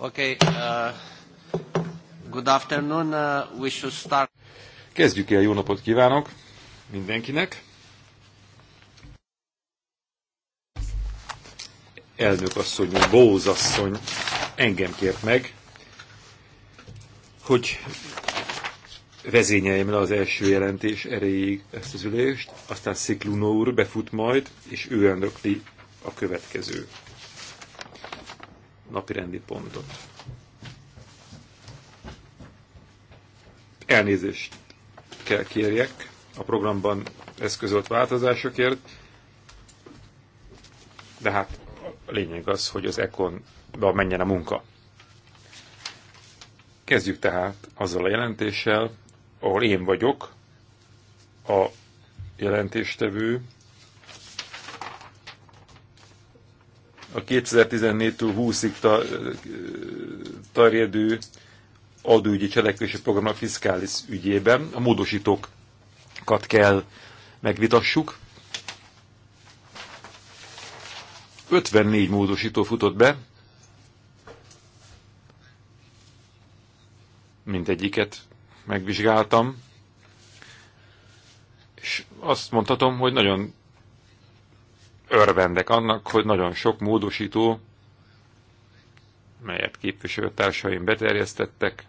Uh, good afternoon, uh, we should start. Kezdjük el, jó napot kívánok mindenkinek. Elnök asszony, Bóz asszony engem kért meg, hogy vezényeljem le az első jelentés erejéig ezt az ülést, aztán Sziklunó úr befut majd, és ő elnökli a következő napirendi pontot. Elnézést kell kérjek a programban eszközölt változásokért, de hát a lényeg az, hogy az Econ-ba menjen a munka. Kezdjük tehát azzal a jelentéssel, ahol én vagyok, a jelentéstevő, a 2014-től 20-ig ta, terjedő adóügyi cselekvési program a fiskális ügyében. A módosítókat kell megvitassuk. 54 módosító futott be, mindegyiket megvizsgáltam, és azt mondhatom, hogy nagyon örvendek annak, hogy nagyon sok módosító, melyet képviselőtársaim beterjesztettek,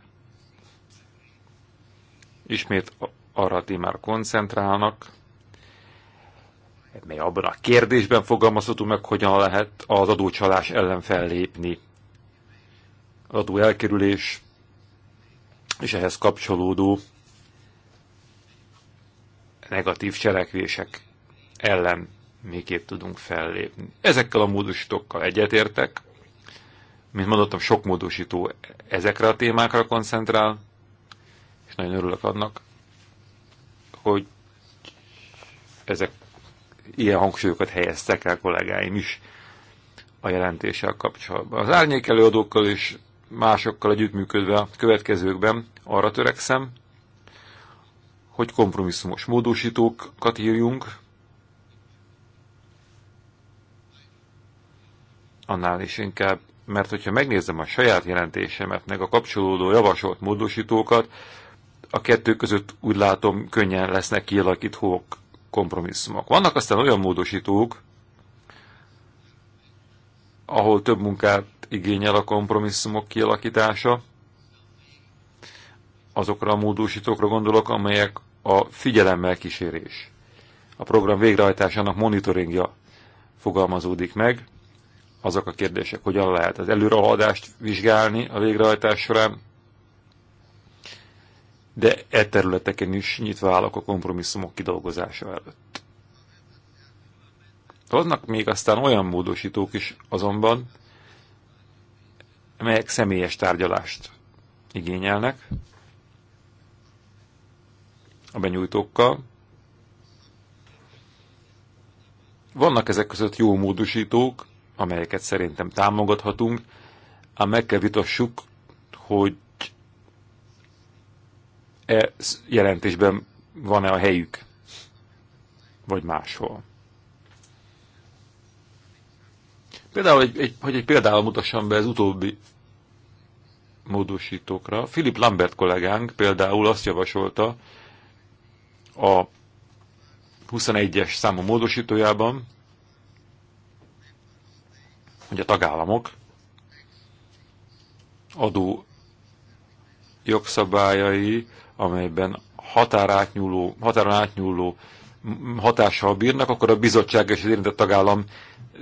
ismét arra a már koncentrálnak, mely abban a kérdésben fogalmazhatunk meg, hogyan lehet az adócsalás ellen fellépni. Az adó elkerülés és ehhez kapcsolódó negatív cselekvések ellen miképp tudunk fellépni. Ezekkel a módosítókkal egyetértek, mint mondottam, sok módosító ezekre a témákra koncentrál, és nagyon örülök annak, hogy ezek ilyen hangsúlyokat helyeztek el kollégáim is a jelentéssel kapcsolatban. Az árnyék előadókkal és másokkal együttműködve a következőkben arra törekszem, hogy kompromisszumos módosítókat írjunk, annál is inkább, mert hogyha megnézem a saját jelentésemet, meg a kapcsolódó javasolt módosítókat, a kettő között úgy látom könnyen lesznek kialakítók kompromisszumok. Vannak aztán olyan módosítók, ahol több munkát igényel a kompromisszumok kialakítása. Azokra a módosítókra gondolok, amelyek a figyelemmel kísérés. A program végrehajtásának monitoringja fogalmazódik meg, azok a kérdések, hogyan lehet az előrehaladást vizsgálni a végrehajtás során, de e területeken is nyitva állok a kompromisszumok kidolgozása előtt. Vannak még aztán olyan módosítók is azonban, melyek személyes tárgyalást igényelnek a benyújtókkal. Vannak ezek között jó módosítók, amelyeket szerintem támogathatunk, ám meg kell vitassuk, hogy e jelentésben van-e a helyük, vagy máshol. Például, egy, egy, hogy egy példával mutassam be az utóbbi módosítókra. Philip Lambert kollégánk például azt javasolta a 21-es számú módosítójában, hogy a tagállamok adó jogszabályai, amelyben határátnyúló, határon átnyúló hatással bírnak, akkor a bizottság és az érintett tagállam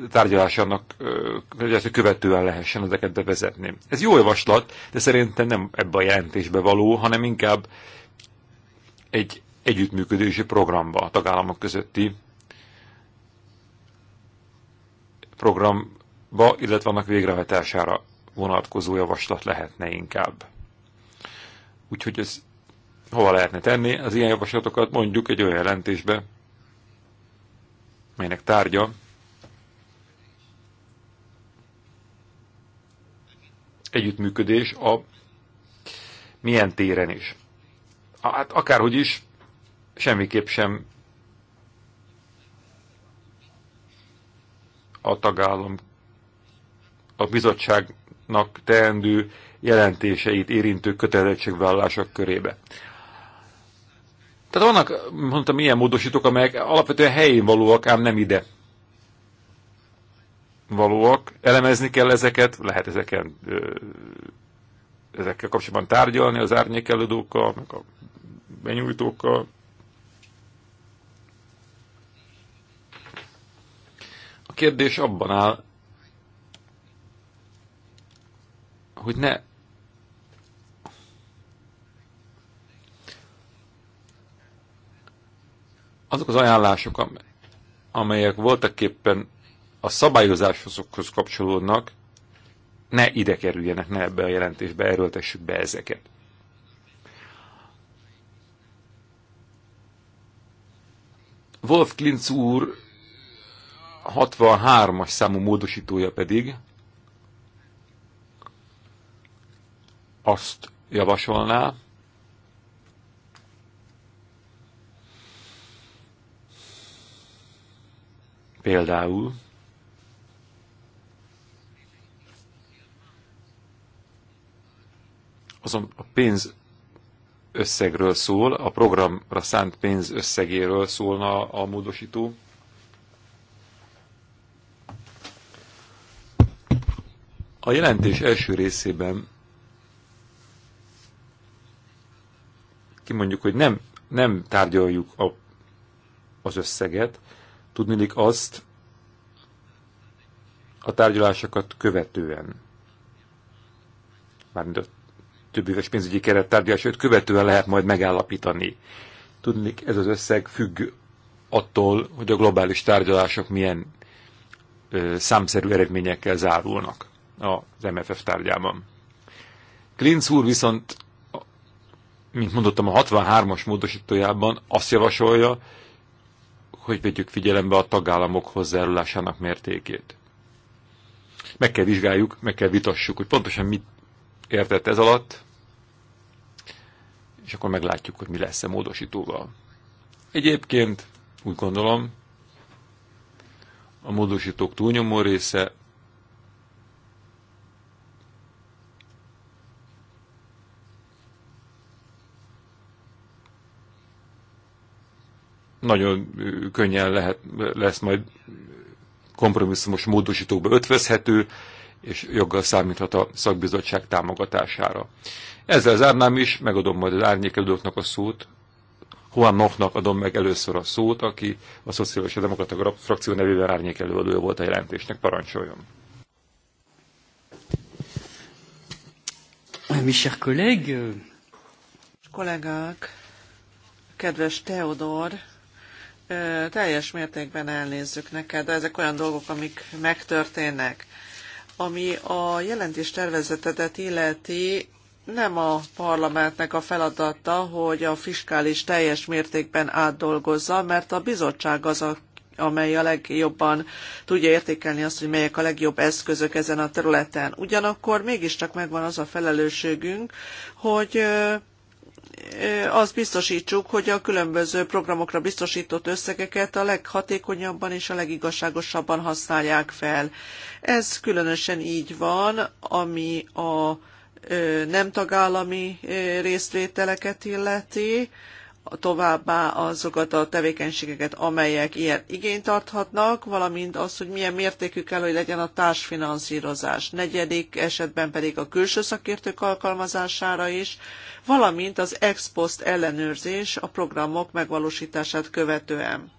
tárgyalásának követően lehessen ezeket bevezetni. Ez jó javaslat, de szerintem nem ebbe a jelentésbe való, hanem inkább egy együttműködési programba a tagállamok közötti program ba, illetve annak végrehajtására vonatkozó javaslat lehetne inkább. Úgyhogy ez hova lehetne tenni? Az ilyen javaslatokat mondjuk egy olyan jelentésbe, melynek tárgya együttműködés a milyen téren is. Hát akárhogy is, semmiképp sem a tagállam a bizottságnak teendő jelentéseit érintő kötelezettségvállalások körébe. Tehát vannak, mondtam, ilyen módosítók, amelyek alapvetően helyén valóak, ám nem ide valóak. Elemezni kell ezeket, lehet ezeken, ö, ezekkel kapcsolatban tárgyalni az árnyékelődókkal, meg a benyújtókkal. A kérdés abban áll, hogy ne azok az ajánlások, amelyek voltak éppen a szabályozáshoz kapcsolódnak, ne ide kerüljenek, ne ebbe a jelentésbe erőltessük be ezeket. Wolf Klintz úr 63-as számú módosítója pedig azt javasolná, például, azon a pénz összegről szól, a programra szánt pénz összegéről szólna a módosító. A jelentés első részében kimondjuk, hogy nem, nem tárgyaljuk a, az összeget, tudnilik azt a tárgyalásokat követően. Mármint a több éves pénzügyi keret tárgyalásait követően lehet majd megállapítani. Tudnék, ez az összeg függ attól, hogy a globális tárgyalások milyen ö, számszerű eredményekkel zárulnak az MFF tárgyában. Klinz úr viszont mint mondottam, a 63-as módosítójában azt javasolja, hogy vegyük figyelembe a tagállamok hozzájárulásának mértékét. Meg kell vizsgáljuk, meg kell vitassuk, hogy pontosan mit értett ez alatt, és akkor meglátjuk, hogy mi lesz a módosítóval. Egyébként úgy gondolom, a módosítók túlnyomó része nagyon könnyen lehet, lesz majd kompromisszumos módosítókba ötvözhető, és joggal számíthat a szakbizottság támogatására. Ezzel zárnám is, megadom majd az árnyékelődőknek a szót, Juan Nochnak adom meg először a szót, aki a Szociális Demokrata frakció nevében árnyékelődő volt a jelentésnek, parancsoljon. Mes chers collègues, kollégák, kedves Teodor, teljes mértékben elnézzük neked, de ezek olyan dolgok, amik megtörténnek. Ami a jelentés tervezetedet illeti, nem a parlamentnek a feladata, hogy a fiskális teljes mértékben átdolgozza, mert a bizottság az, a, amely a legjobban tudja értékelni azt, hogy melyek a legjobb eszközök ezen a területen. Ugyanakkor mégiscsak megvan az a felelősségünk, hogy azt biztosítsuk, hogy a különböző programokra biztosított összegeket a leghatékonyabban és a legigazságosabban használják fel. Ez különösen így van, ami a nem tagállami részvételeket illeti, továbbá azokat a tevékenységeket, amelyek ilyen igényt tarthatnak, valamint az, hogy milyen mértékű kell, hogy legyen a társfinanszírozás. Negyedik esetben pedig a külső szakértők alkalmazására is, valamint az ex post ellenőrzés a programok megvalósítását követően.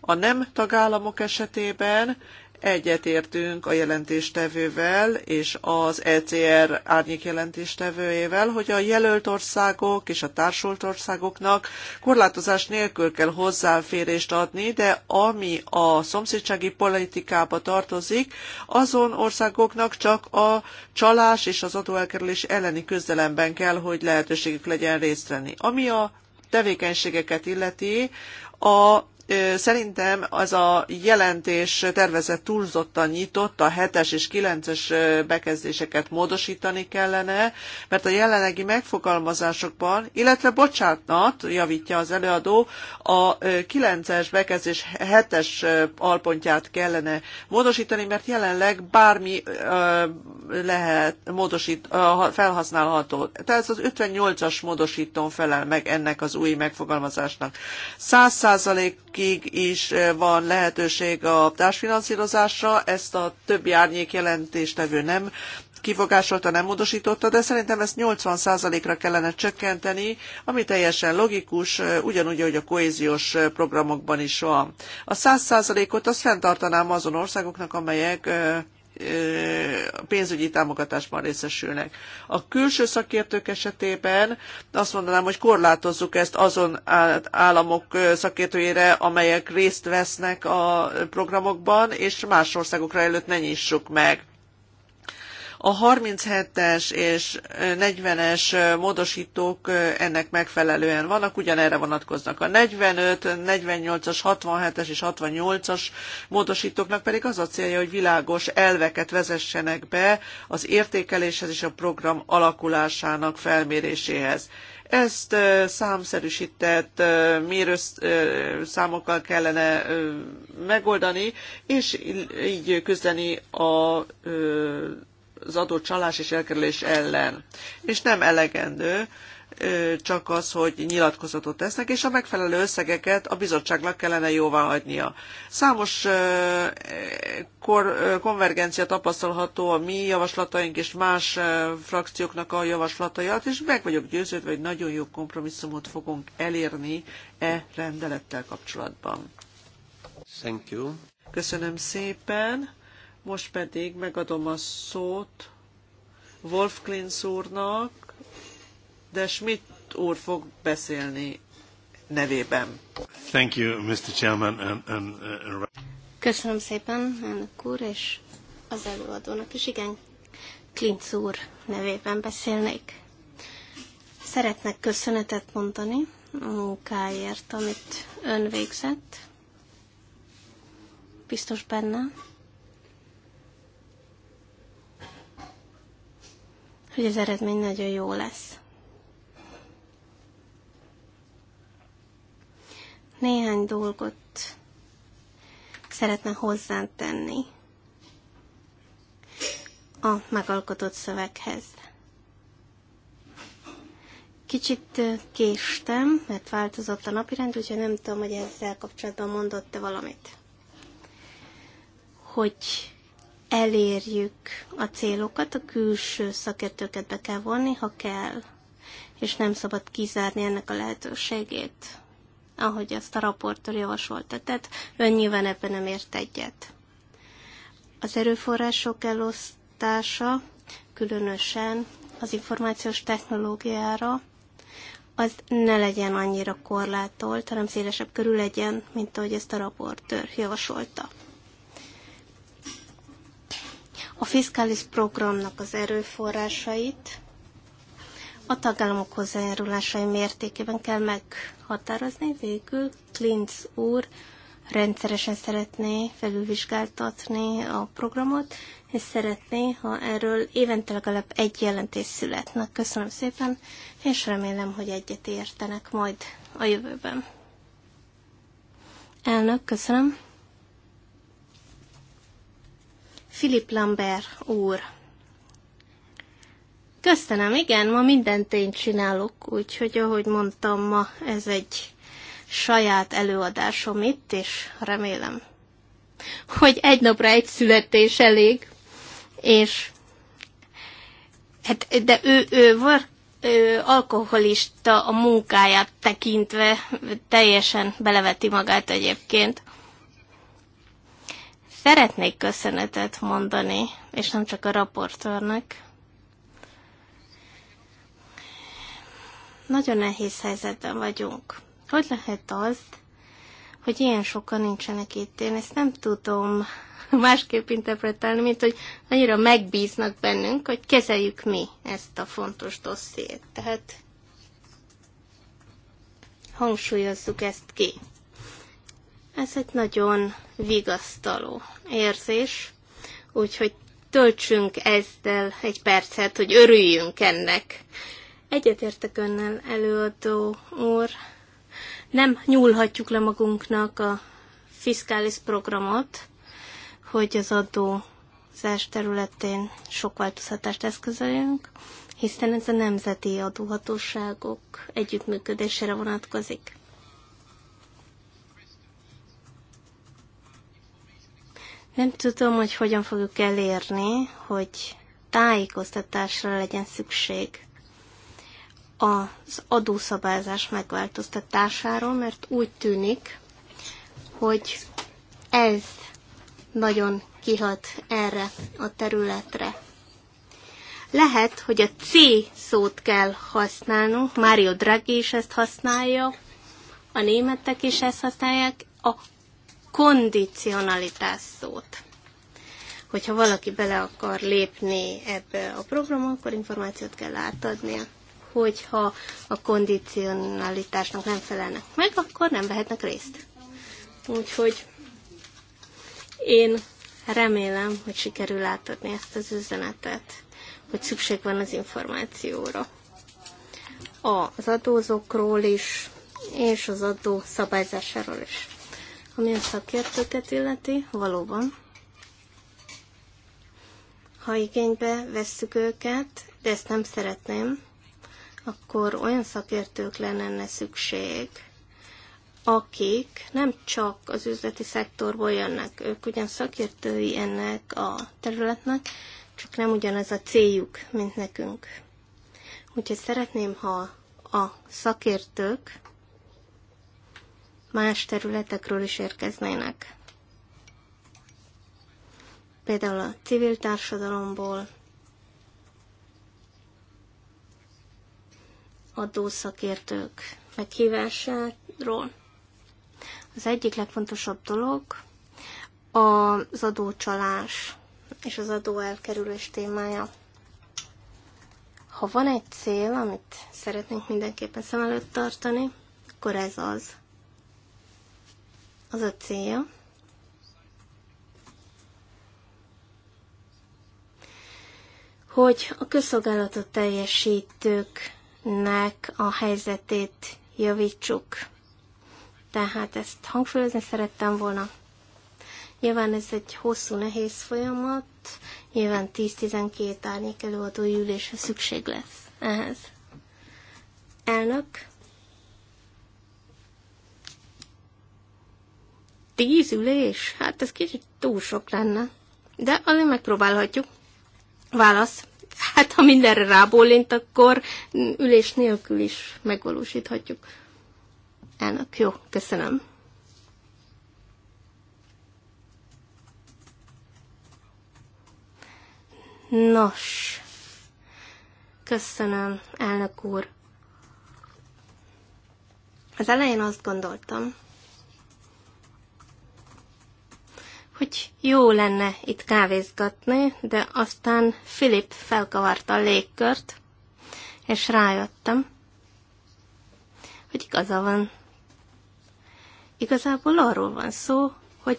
A nem tagállamok esetében egyetértünk a jelentéstevővel és az ECR árnyék jelentéstevőjével, hogy a jelölt országok és a társult országoknak korlátozás nélkül kell hozzáférést adni, de ami a szomszédsági politikába tartozik, azon országoknak csak a csalás és az adóelkerülés elleni küzdelemben kell, hogy lehetőségük legyen részt venni. Ami a tevékenységeket illeti, a Szerintem az a jelentés tervezett túlzottan nyitott, a 7-es és 9-es bekezdéseket módosítani kellene, mert a jelenlegi megfogalmazásokban, illetve bocsánat, javítja az előadó, a 9-es bekezdés 7-es alpontját kellene módosítani, mert jelenleg bármi lehet módosít, felhasználható. Tehát az 58-as módosítón felel meg ennek az új megfogalmazásnak. 100 évekig is eh, van lehetőség a társfinanszírozásra, ezt a többi árnyék jelentéstevő nem kifogásolta, nem módosította, de szerintem ezt 80%-ra kellene csökkenteni, ami teljesen logikus, eh, ugyanúgy, ahogy a kohéziós eh, programokban is van. A 100%-ot azt fenntartanám azon országoknak, amelyek pénzügyi támogatásban részesülnek. A külső szakértők esetében azt mondanám, hogy korlátozzuk ezt azon államok szakértőjére, amelyek részt vesznek a programokban, és más országokra előtt ne nyissuk meg. A 37-es és 40-es módosítók ennek megfelelően vannak, ugyanerre vonatkoznak. A 45, 48-as, 67-es és 68-as módosítóknak pedig az a célja, hogy világos elveket vezessenek be az értékeléshez és a program alakulásának felméréséhez. Ezt számszerűsített mérőszámokkal kellene megoldani, és így küzdeni a az adott csalás és elkerülés ellen. És nem elegendő, csak az, hogy nyilatkozatot tesznek, és a megfelelő összegeket a bizottságnak kellene jóvá hagynia. Számos kor, konvergencia tapasztalható a mi javaslataink és más frakcióknak a javaslatait, és meg vagyok győződve, hogy nagyon jó kompromisszumot fogunk elérni e rendelettel kapcsolatban. Thank you. Köszönöm szépen. Most pedig megadom a szót Wolf Klinz úrnak, de Schmidt úr fog beszélni nevében. Thank you, Mr. Chairman, and, and, uh, Köszönöm szépen, elnök úr, és az előadónak is, igen, Klinc úr nevében beszélnék. Szeretnek köszönetet mondani a munkáért, amit ön végzett. Biztos benne, hogy az eredmény nagyon jó lesz. Néhány dolgot szeretne hozzátenni a megalkotott szöveghez. Kicsit késtem, mert változott a napirend, úgyhogy nem tudom, hogy ezzel kapcsolatban mondott-e valamit. Hogy elérjük a célokat, a külső szakértőket be kell vonni, ha kell, és nem szabad kizárni ennek a lehetőségét, ahogy azt a raportor javasolta. Tehát ön nyilván ebben nem ért egyet. Az erőforrások elosztása, különösen az információs technológiára, az ne legyen annyira korlátolt, hanem szélesebb körül legyen, mint ahogy ezt a raportőr javasolta a fiskális programnak az erőforrásait a tagállamok hozzájárulásai mértékében kell meghatározni. Végül Klintz úr rendszeresen szeretné felülvizsgáltatni a programot, és szeretné, ha erről évente legalább egy jelentés születne. Köszönöm szépen, és remélem, hogy egyet értenek majd a jövőben. Elnök, köszönöm. Philip Lambert úr. Köszönöm, igen, ma mindent én csinálok, úgyhogy ahogy mondtam, ma ez egy saját előadásom itt, és remélem, hogy egy napra egy születés elég, és hát, de ő, ő, ő, ő alkoholista a munkáját tekintve teljesen beleveti magát egyébként szeretnék köszönetet mondani, és nem csak a raportőrnek. Nagyon nehéz helyzetben vagyunk. Hogy lehet az, hogy ilyen sokan nincsenek itt? Én ezt nem tudom másképp interpretálni, mint hogy annyira megbíznak bennünk, hogy kezeljük mi ezt a fontos dossziét. Tehát hangsúlyozzuk ezt ki. Ez egy nagyon vigasztaló érzés, úgyhogy töltsünk ezzel egy percet, hogy örüljünk ennek. Egyetértek önnel, előadó úr. Nem nyúlhatjuk le magunknak a fiskális programot, hogy az adózás területén sok változtatást eszközöljünk, hiszen ez a nemzeti adóhatóságok együttműködésére vonatkozik. Nem tudom, hogy hogyan fogjuk elérni, hogy tájékoztatásra legyen szükség az adószabályzás megváltoztatásáról, mert úgy tűnik, hogy ez nagyon kihat erre a területre. Lehet, hogy a C szót kell használnunk, Mário Draghi is ezt használja, a németek is ezt használják, a kondicionalitás szót. Hogyha valaki bele akar lépni ebbe a programba, akkor információt kell átadnia. Hogyha a kondicionalitásnak nem felelnek meg, akkor nem vehetnek részt. Úgyhogy én remélem, hogy sikerül átadni ezt az üzenetet, hogy szükség van az információra. Az adózókról is, és az adó szabályzásáról is. Ami a szakértőket illeti, valóban. Ha igénybe vesszük őket, de ezt nem szeretném, akkor olyan szakértők lenne szükség, akik nem csak az üzleti szektorból jönnek, ők ugyan szakértői ennek a területnek, csak nem ugyanaz a céljuk, mint nekünk. Úgyhogy szeretném, ha a szakértők más területekről is érkeznének. Például a civil társadalomból, adószakértők meghívásáról. Az egyik legfontosabb dolog az adócsalás és az adóelkerülés témája. Ha van egy cél, amit szeretnénk mindenképpen szem előtt tartani, akkor ez az. Az a célja, hogy a közszolgálatot teljesítőknek a helyzetét javítsuk. Tehát ezt hangsúlyozni szerettem volna. Nyilván ez egy hosszú, nehéz folyamat, nyilván 10-12 árnyék előadó ülésre szükség lesz ehhez. Elnök, tíz ülés? Hát ez kicsit túl sok lenne. De azért megpróbálhatjuk. Válasz. Hát ha mindenre rábólint, akkor ülés nélkül is megvalósíthatjuk. Elnök, jó, köszönöm. Nos, köszönöm, elnök úr. Az elején azt gondoltam, hogy jó lenne itt kávézgatni, de aztán Filip felkavarta a légkört, és rájöttem, hogy igaza van. Igazából arról van szó, hogy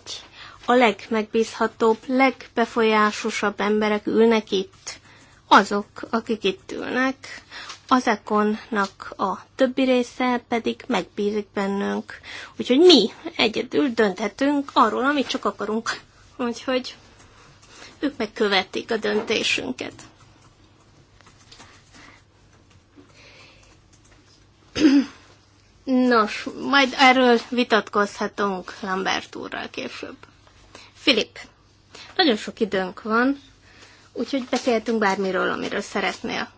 a legmegbízhatóbb, legbefolyásosabb emberek ülnek itt. Azok, akik itt ülnek, az ekonnak a többi része pedig megbízik bennünk. Úgyhogy mi egyedül dönthetünk arról, amit csak akarunk. Úgyhogy ők megkövetik a döntésünket. Nos, majd erről vitatkozhatunk Lambert úrral később. Filip, nagyon sok időnk van, úgyhogy beszéltünk bármiről, amiről szeretnél.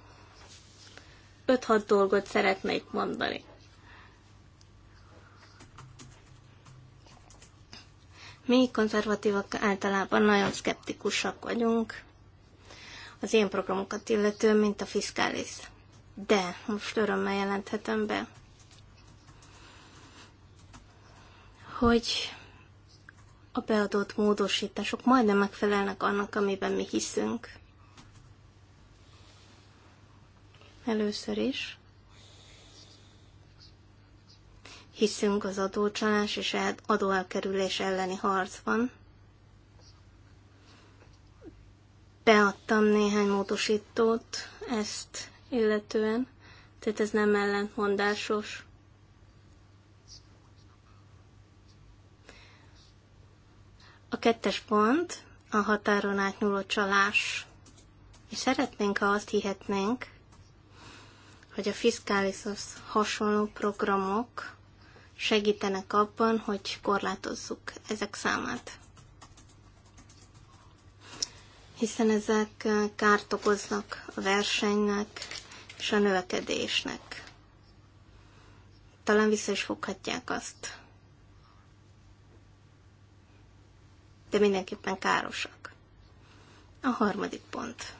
5-6 dolgot szeretnék mondani. Mi konzervatívak általában nagyon szkeptikusak vagyunk az ilyen programokat illetően, mint a fiskális. De most örömmel jelenthetem be, hogy a beadott módosítások majdnem megfelelnek annak, amiben mi hiszünk. Először is hiszünk az adócsalás és adóelkerülés elleni harcban. Beadtam néhány módosítót ezt illetően, tehát ez nem ellentmondásos. A kettes pont a határon átnyúló csalás. És szeretnénk, ha azt hihetnénk, hogy a fiskálishoz hasonló programok segítenek abban, hogy korlátozzuk ezek számát. Hiszen ezek kárt okoznak a versenynek és a növekedésnek. Talán vissza is foghatják azt. De mindenképpen károsak. A harmadik pont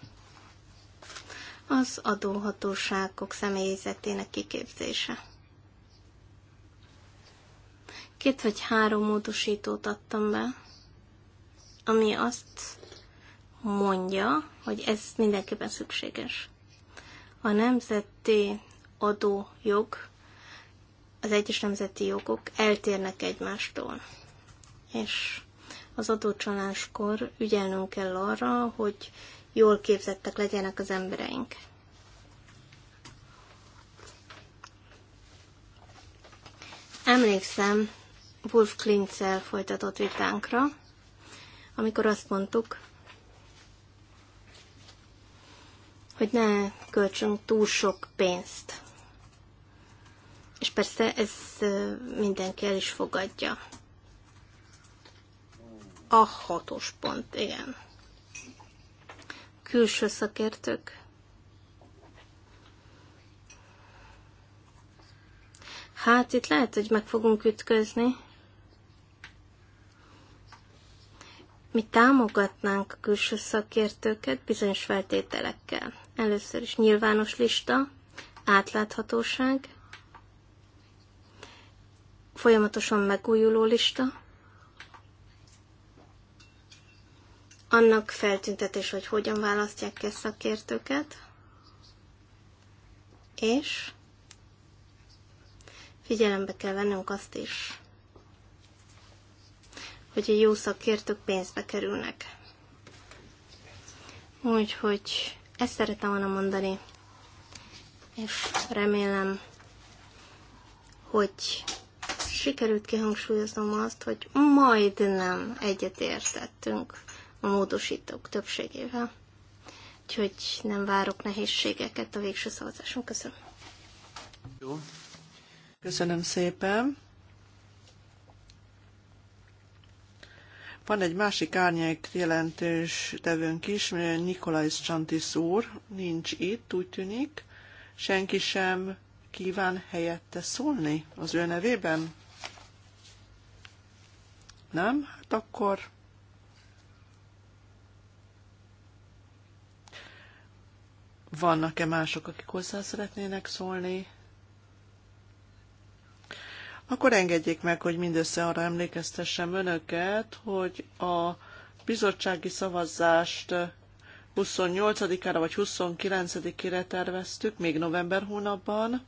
az adóhatóságok személyzetének kiképzése. Két vagy három módosítót adtam be, ami azt mondja, hogy ez mindenképpen szükséges. A nemzeti adójog, az egyes nemzeti jogok eltérnek egymástól. És az adócsaláskor ügyelnünk kell arra, hogy jól képzettek legyenek az embereink. Emlékszem Wolf Klintzel folytatott vitánkra, amikor azt mondtuk, hogy ne költsünk túl sok pénzt. És persze ez mindenki el is fogadja. A hatos pont, igen külső szakértők. Hát itt lehet, hogy meg fogunk ütközni. Mi támogatnánk a külső szakértőket bizonyos feltételekkel. Először is nyilvános lista, átláthatóság, folyamatosan megújuló lista, annak feltüntetés, hogy hogyan választják ki a szakértőket, és figyelembe kell vennünk azt is, hogy a jó szakértők pénzbe kerülnek. Úgyhogy ezt szeretem volna mondani, és remélem, hogy sikerült kihangsúlyoznom azt, hogy majdnem egyetértettünk a módosítók többségével. Úgyhogy nem várok nehézségeket a végső szavazáson. Köszönöm. Jó. Köszönöm szépen. Van egy másik árnyék jelentős tevőnk is, Nikolajs Csantis úr, nincs itt, úgy tűnik. Senki sem kíván helyette szólni az ő nevében? Nem? Hát akkor Vannak-e mások, akik hozzá szeretnének szólni? Akkor engedjék meg, hogy mindössze arra emlékeztessem önöket, hogy a bizottsági szavazást 28-ára vagy 29-ére terveztük, még november hónapban,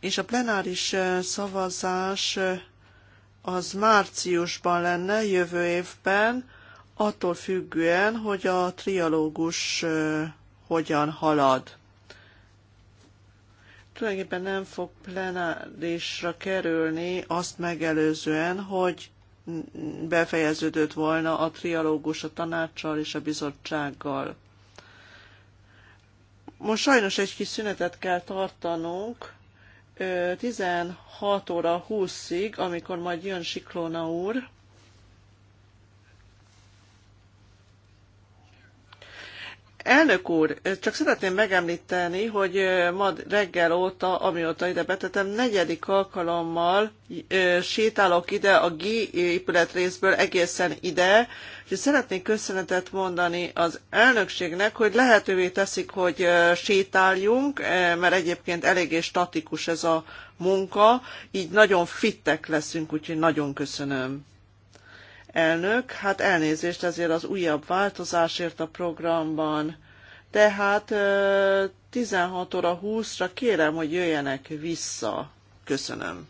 és a plenáris szavazás az márciusban lenne, jövő évben, attól függően, hogy a trialógus hogyan halad. Tulajdonképpen nem fog plenárisra kerülni azt megelőzően, hogy befejeződött volna a trialógus a tanácssal és a bizottsággal. Most sajnos egy kis szünetet kell tartanunk, 16 óra 20-ig, amikor majd jön Siklóna úr, Elnök úr, csak szeretném megemlíteni, hogy ma reggel óta, amióta ide betettem, negyedik alkalommal sétálok ide a G épület részből egészen ide, és szeretnék köszönetet mondani az elnökségnek, hogy lehetővé teszik, hogy sétáljunk, mert egyébként eléggé statikus ez a munka, így nagyon fittek leszünk, úgyhogy nagyon köszönöm. Elnök, hát elnézést ezért az újabb változásért a programban. Tehát 16 óra 20-ra kérem, hogy jöjjenek vissza. Köszönöm.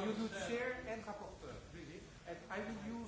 you do chair and rapporteur. Really? And I will use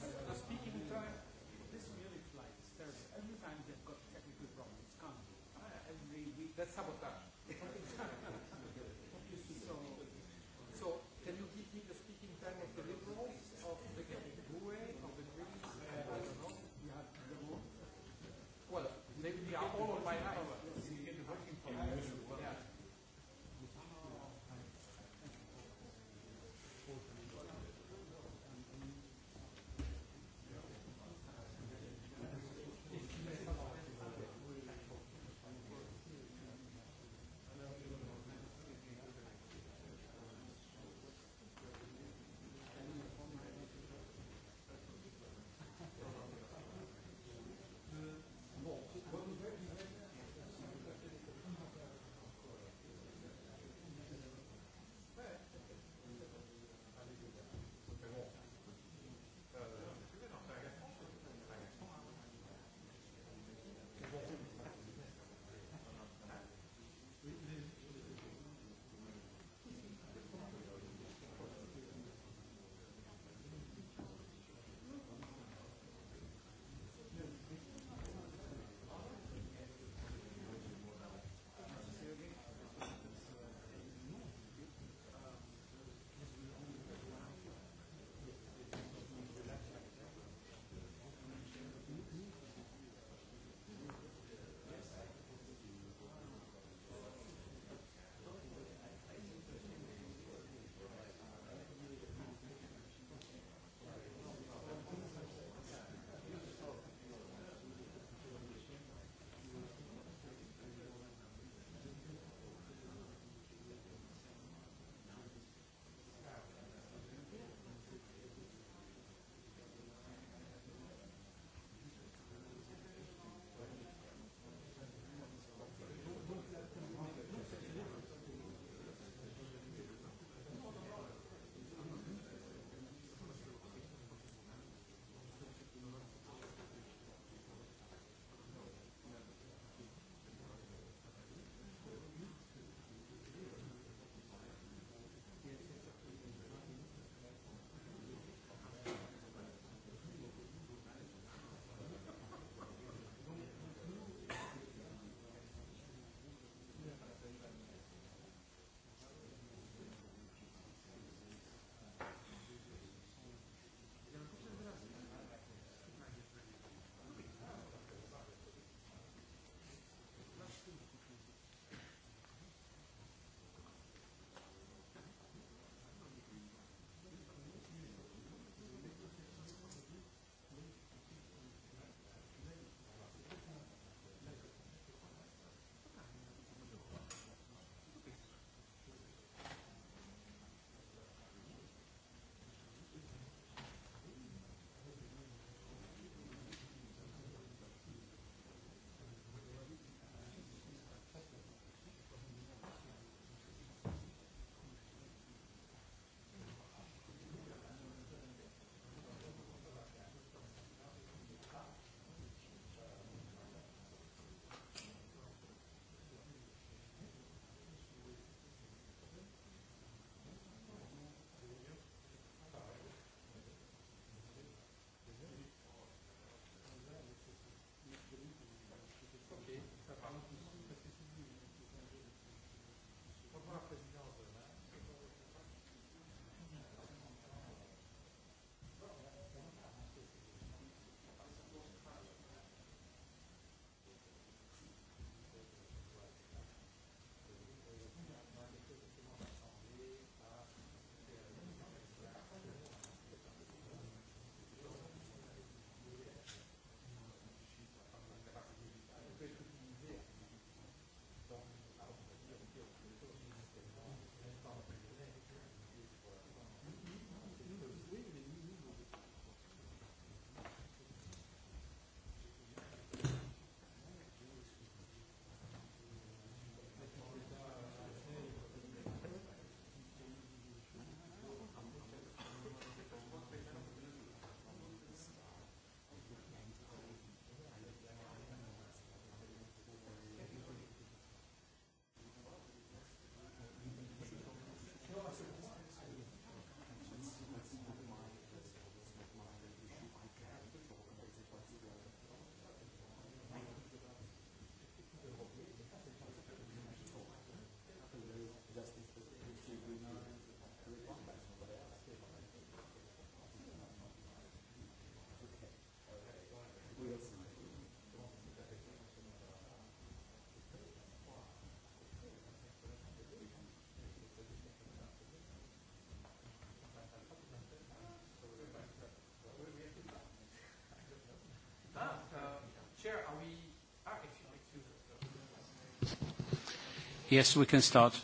Yes, we can start.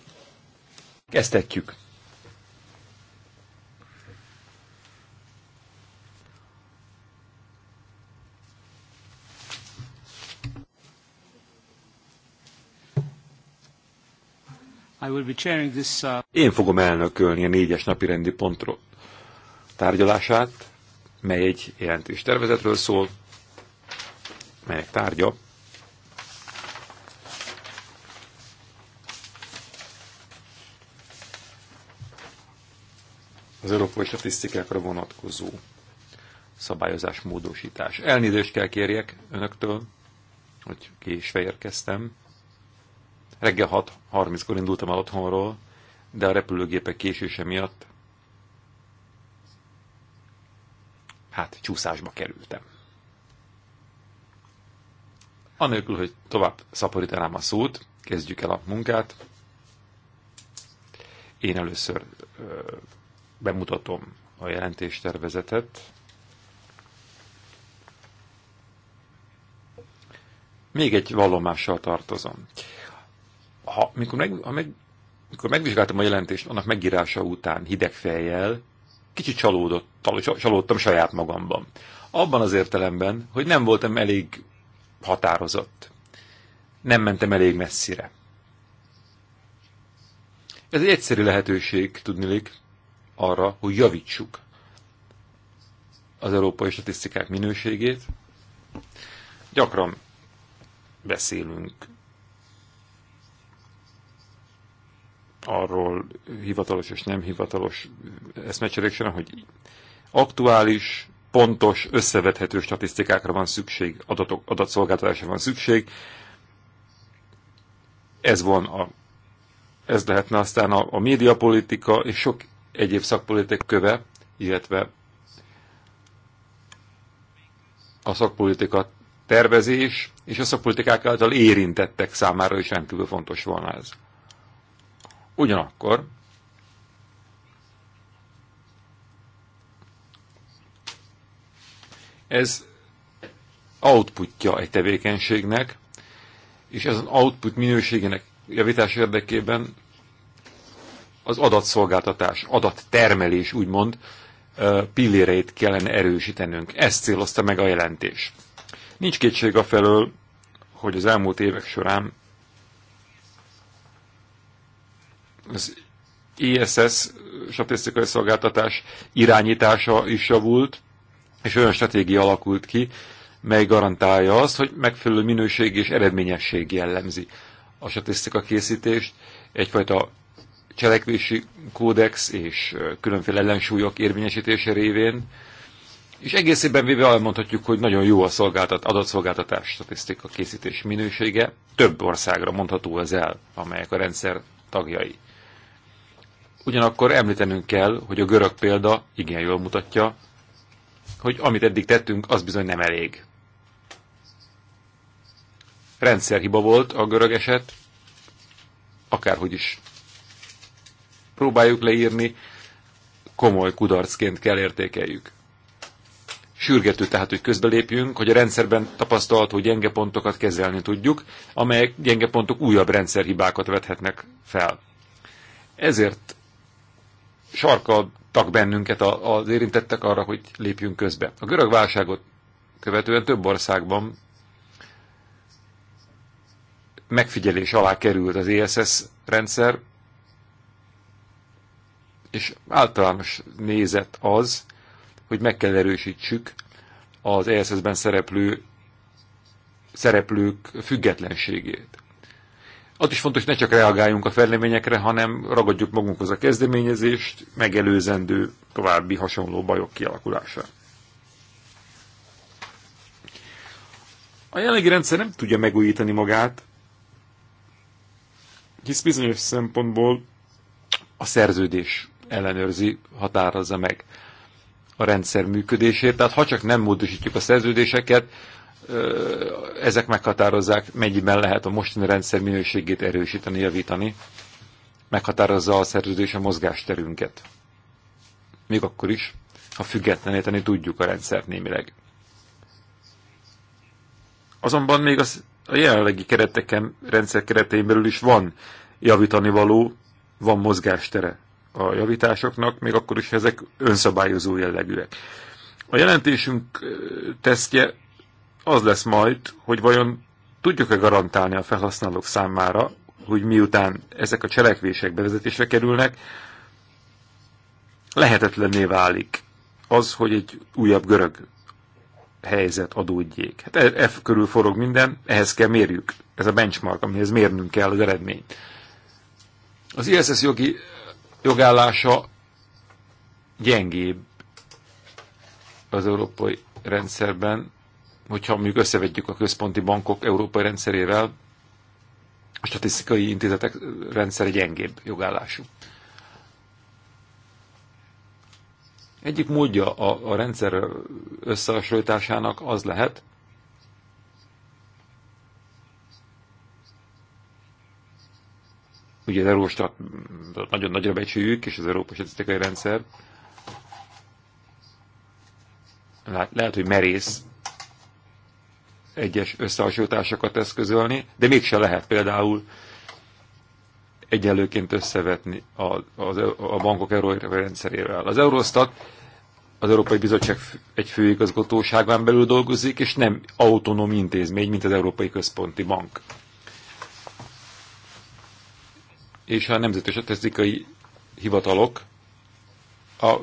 Kezdhetjük. I will be chairing this, uh... Én fogom elnökölni a négyes napi rendi pontról tárgyalását, mely egy jelentés tervezetről szól, melyek tárgya az európai statisztikákra vonatkozó szabályozás módosítás. Elnézést kell kérjek önöktől, hogy késve érkeztem. Reggel 6.30-kor indultam el otthonról, de a repülőgépek késése miatt hát csúszásba kerültem. Anélkül, hogy tovább szaporítanám a szót, kezdjük el a munkát. Én először bemutatom a jelentéstervezetet. Még egy vallomással tartozom. Ha, mikor, meg, ha meg, mikor megvizsgáltam a jelentést annak megírása után hideg fejjel, kicsit csalódott, csalódtam saját magamban. Abban az értelemben, hogy nem voltam elég határozott. Nem mentem elég messzire. Ez egy egyszerű lehetőség, tudnilik, arra, hogy javítsuk az európai statisztikák minőségét. Gyakran beszélünk arról hivatalos és nem hivatalos eszmecserék során, hogy aktuális, pontos, összevethető statisztikákra van szükség, adatok, adatszolgáltatásra van szükség. Ez van a, ez lehetne aztán a, a médiapolitika és sok egyéb szakpolitik köve, illetve a szakpolitika tervezés és a szakpolitikák által érintettek számára is rendkívül fontos volna ez. Ugyanakkor ez outputja egy tevékenységnek, és ez az output minőségének javítás érdekében az adatszolgáltatás, adattermelés úgymond pilléreit kellene erősítenünk. Ezt célozta meg a jelentés. Nincs kétség a felől, hogy az elmúlt évek során az ISS e statisztikai szolgáltatás irányítása is javult, és olyan stratégia alakult ki, mely garantálja azt, hogy megfelelő minőség és eredményesség jellemzi a statisztika készítést, egyfajta cselekvési kódex és különféle ellensúlyok érvényesítése révén, és egészében véve elmondhatjuk, hogy nagyon jó a szolgáltat, adatszolgáltatás statisztika készítés minősége. Több országra mondható ez el, amelyek a rendszer tagjai. Ugyanakkor említenünk kell, hogy a görög példa igen jól mutatja, hogy amit eddig tettünk, az bizony nem elég. Rendszerhiba volt a görög eset, akárhogy is próbáljuk leírni, komoly kudarcként kell értékeljük. Sürgető tehát, hogy közbelépjünk, hogy a rendszerben tapasztalható gyenge pontokat kezelni tudjuk, amelyek gyenge pontok újabb rendszerhibákat vethetnek fel. Ezért sarkaltak bennünket az érintettek arra, hogy lépjünk közbe. A görög válságot követően több országban megfigyelés alá került az ESS rendszer, és általános nézet az, hogy meg kell erősítsük az esz ben szereplő szereplők függetlenségét. Az is fontos, hogy ne csak reagáljunk a felleményekre, hanem ragadjuk magunkhoz a kezdeményezést, megelőzendő további hasonló bajok kialakulása. A jelenlegi rendszer nem tudja megújítani magát, hisz bizonyos szempontból a szerződés ellenőrzi, határozza meg a rendszer működését. Tehát ha csak nem módosítjuk a szerződéseket, ezek meghatározzák, mennyiben lehet a mostani rendszer minőségét erősíteni, javítani, meghatározza a szerződés a mozgásterünket. Még akkor is, ha függetleníteni tudjuk a rendszert némileg. Azonban még az, a jelenlegi kereteken, rendszer keretein belül is van javítani való, van mozgástere a javításoknak, még akkor is, ha ezek önszabályozó jellegűek. A jelentésünk tesztje az lesz majd, hogy vajon tudjuk-e garantálni a felhasználók számára, hogy miután ezek a cselekvések bevezetésre kerülnek, lehetetlenné válik az, hogy egy újabb görög helyzet adódjék. Hát e, e körül forog minden, ehhez kell mérjük. Ez a benchmark, amihez mérnünk kell az eredményt. Az ISS jogi jogállása gyengébb az európai rendszerben, hogyha mondjuk összevetjük a központi bankok európai rendszerével, a statisztikai intézetek rendszer gyengébb jogállású. Egyik módja a, a rendszer összehasonlításának az lehet, Ugye az Eurostat nagyon nagyra becsüljük, és az Európai Statisztikai Rendszer lehet, hogy merész egyes összehasonlításokat eszközölni, de mégse lehet például egyenlőként összevetni a, a, e- a bankok európai rendszerével. Az Eurostat az Európai Bizottság egy főigazgatóságán belül dolgozik, és nem autonóm intézmény, mint az Európai Központi Bank. és a nemzeti statisztikai hivatalok a,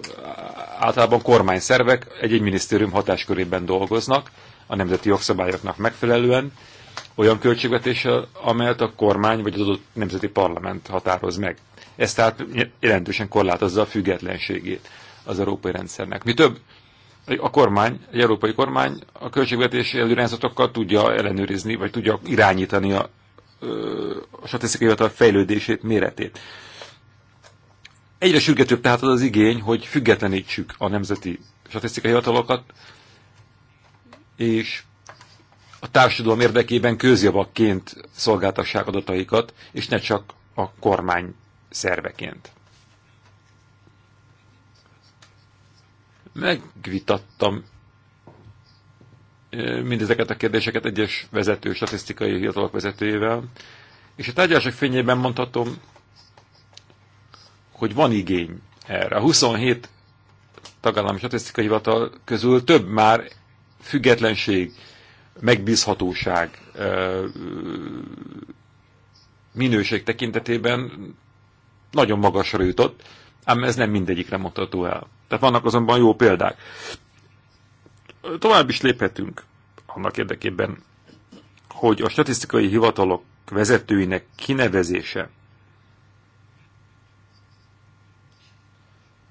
általában kormányszervek egy-egy minisztérium hatáskörében dolgoznak, a nemzeti jogszabályoknak megfelelően, olyan költségvetéssel, amelyet a kormány vagy az adott nemzeti parlament határoz meg. Ez tehát jelentősen korlátozza a függetlenségét az európai rendszernek. Mi több, a kormány, egy európai kormány a költségvetési előirányzatokkal tudja ellenőrizni, vagy tudja irányítani a a statisztikai hivatal fejlődését, méretét. Egyre sürgetőbb tehát az az igény, hogy függetlenítsük a nemzeti statisztikai hivatalokat, és a társadalom érdekében közjavakként szolgáltassák adataikat, és ne csak a kormány szerveként. Megvitattam mindezeket a kérdéseket egyes vezető, statisztikai hivatalok vezetőjével, és a tárgyalások fényében mondhatom, hogy van igény erre. A 27 tagállami statisztikai hivatal közül több már függetlenség, megbízhatóság, minőség tekintetében nagyon magasra jutott, ám ez nem mindegyikre mondható el. Tehát vannak azonban jó példák tovább is léphetünk annak érdekében, hogy a statisztikai hivatalok vezetőinek kinevezése,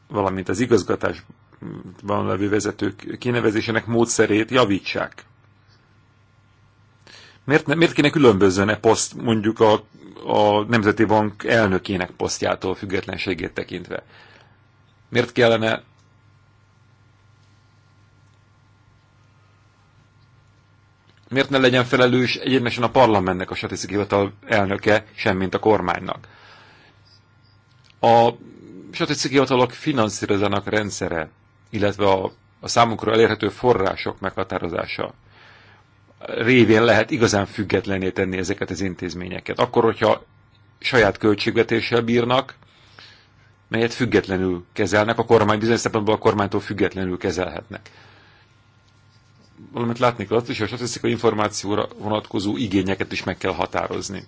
valamint az igazgatásban levő vezetők kinevezésének módszerét javítsák. Miért, ne, miért kéne különbözően e poszt mondjuk a, a Nemzeti Bank elnökének posztjától függetlenségét tekintve? Miért kellene miért ne legyen felelős egyenesen a parlamentnek a statisztikai hivatal elnöke, semmint a kormánynak? A statisztikai hivatalok finanszírozának rendszere, illetve a, a számunkra elérhető források meghatározása révén lehet igazán függetlené tenni ezeket az intézményeket. Akkor, hogyha saját költségvetéssel bírnak, melyet függetlenül kezelnek, a kormány bizonyos szempontból a kormánytól függetlenül kezelhetnek. Valamit látni kell azt is, hogy a statisztikai információra vonatkozó igényeket is meg kell határozni.